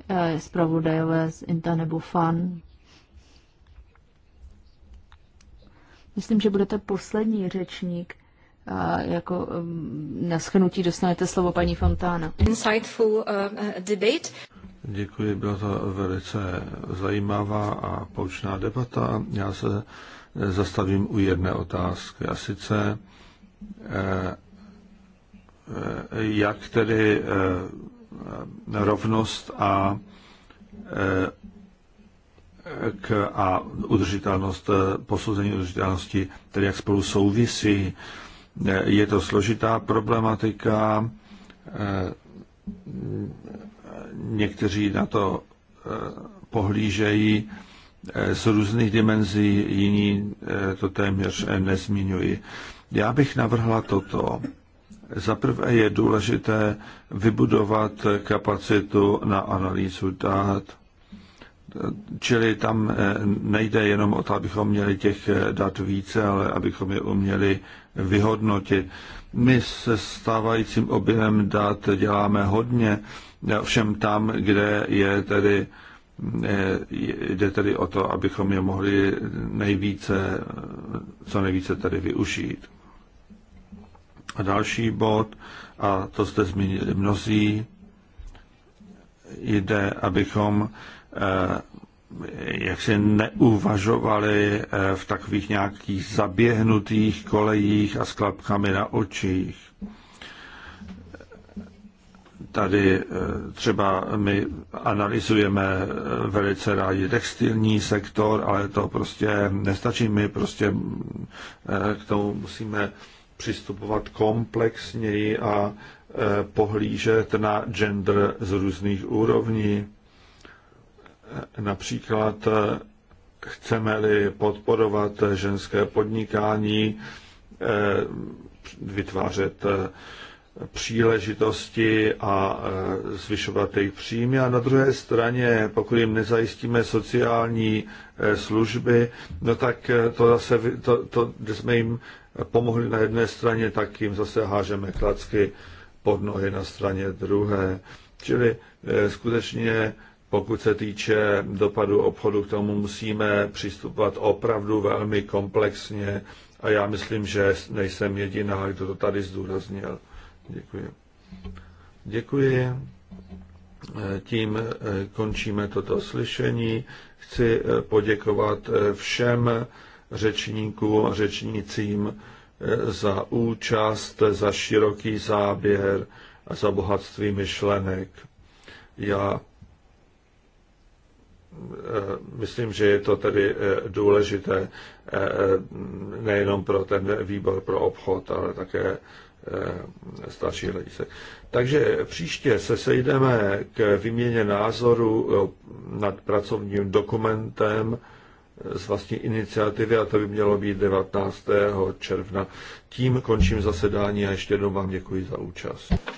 eh, zpravodajové z Inta nebo FAN. Myslím, že budete poslední řečník. A jako um, na schnutí dostanete slovo paní Fontána. Insightful uh, uh, debate. Děkuji, byla to velice zajímavá a poučná debata. Já se eh, zastavím u jedné otázky a sice eh, eh, jak tedy rovnost a, k, a udržitelnost, posouzení udržitelnosti, tedy jak spolu souvisí. Je to složitá problematika. Někteří na to eh, pohlížejí eh, z různých dimenzí, jiní eh, to téměř nezmiňují. Já bych navrhla toto. Za prvé je důležité vybudovat kapacitu na analýzu dát. Čili tam eh, nejde jenom o to, abychom měli těch eh, dat více, ale abychom je uměli vyhodnotit. My se stávajícím objemem dat děláme hodně, všem tam, kde je tedy eh, jde tedy o to, abychom je mohli nejvíce, co nejvíce tady využít. A další bod, a to jste zmínili mnozí, jde, abychom Eh, jak se neuvažovali eh, v takových nějakých zaběhnutých kolejích a s klapkami na očích. Tady eh, třeba my analyzujeme velice rádi textilní sektor, ale to prostě nestačí. My prostě k tomu musíme přistupovat komplexněji a pohlížet na gender z různých úrovní Například eh, chceme-li podporovat ženské podnikání, eh, vytvářet eh, příležitosti a zvyšovat jejich příjmy. A na druhé straně, pokud jim nezajistíme sociální služby, no tak to zase, to, to, kde jsme jim pomohli na jedné straně, tak jim zase hážeme klacky pod nohy na straně druhé. Čili skutečně pokud se týče dopadu obchodu, k tomu musíme přistupovat opravdu velmi komplexně a já myslím, že nejsem jediná, kdo to tady zdůraznil. Děkuji. Děkuji. Tím eh, končíme toto slyšení. Chci eh, poděkovat eh, všem řečníkům a řečnícím za účast, za široký záběr a za bohatství myšlenek. Já Eh, myslím, že je to tedy eh, důležité eh, nejenom pro ten výbor pro obchod, ale také starší lidi. Takže příště se sejdeme k výměně názoru nad pracovním dokumentem z vlastní iniciativy a to by mělo být 19. června. Tím končím zasedání a ještě jednou vám děkuji za účast.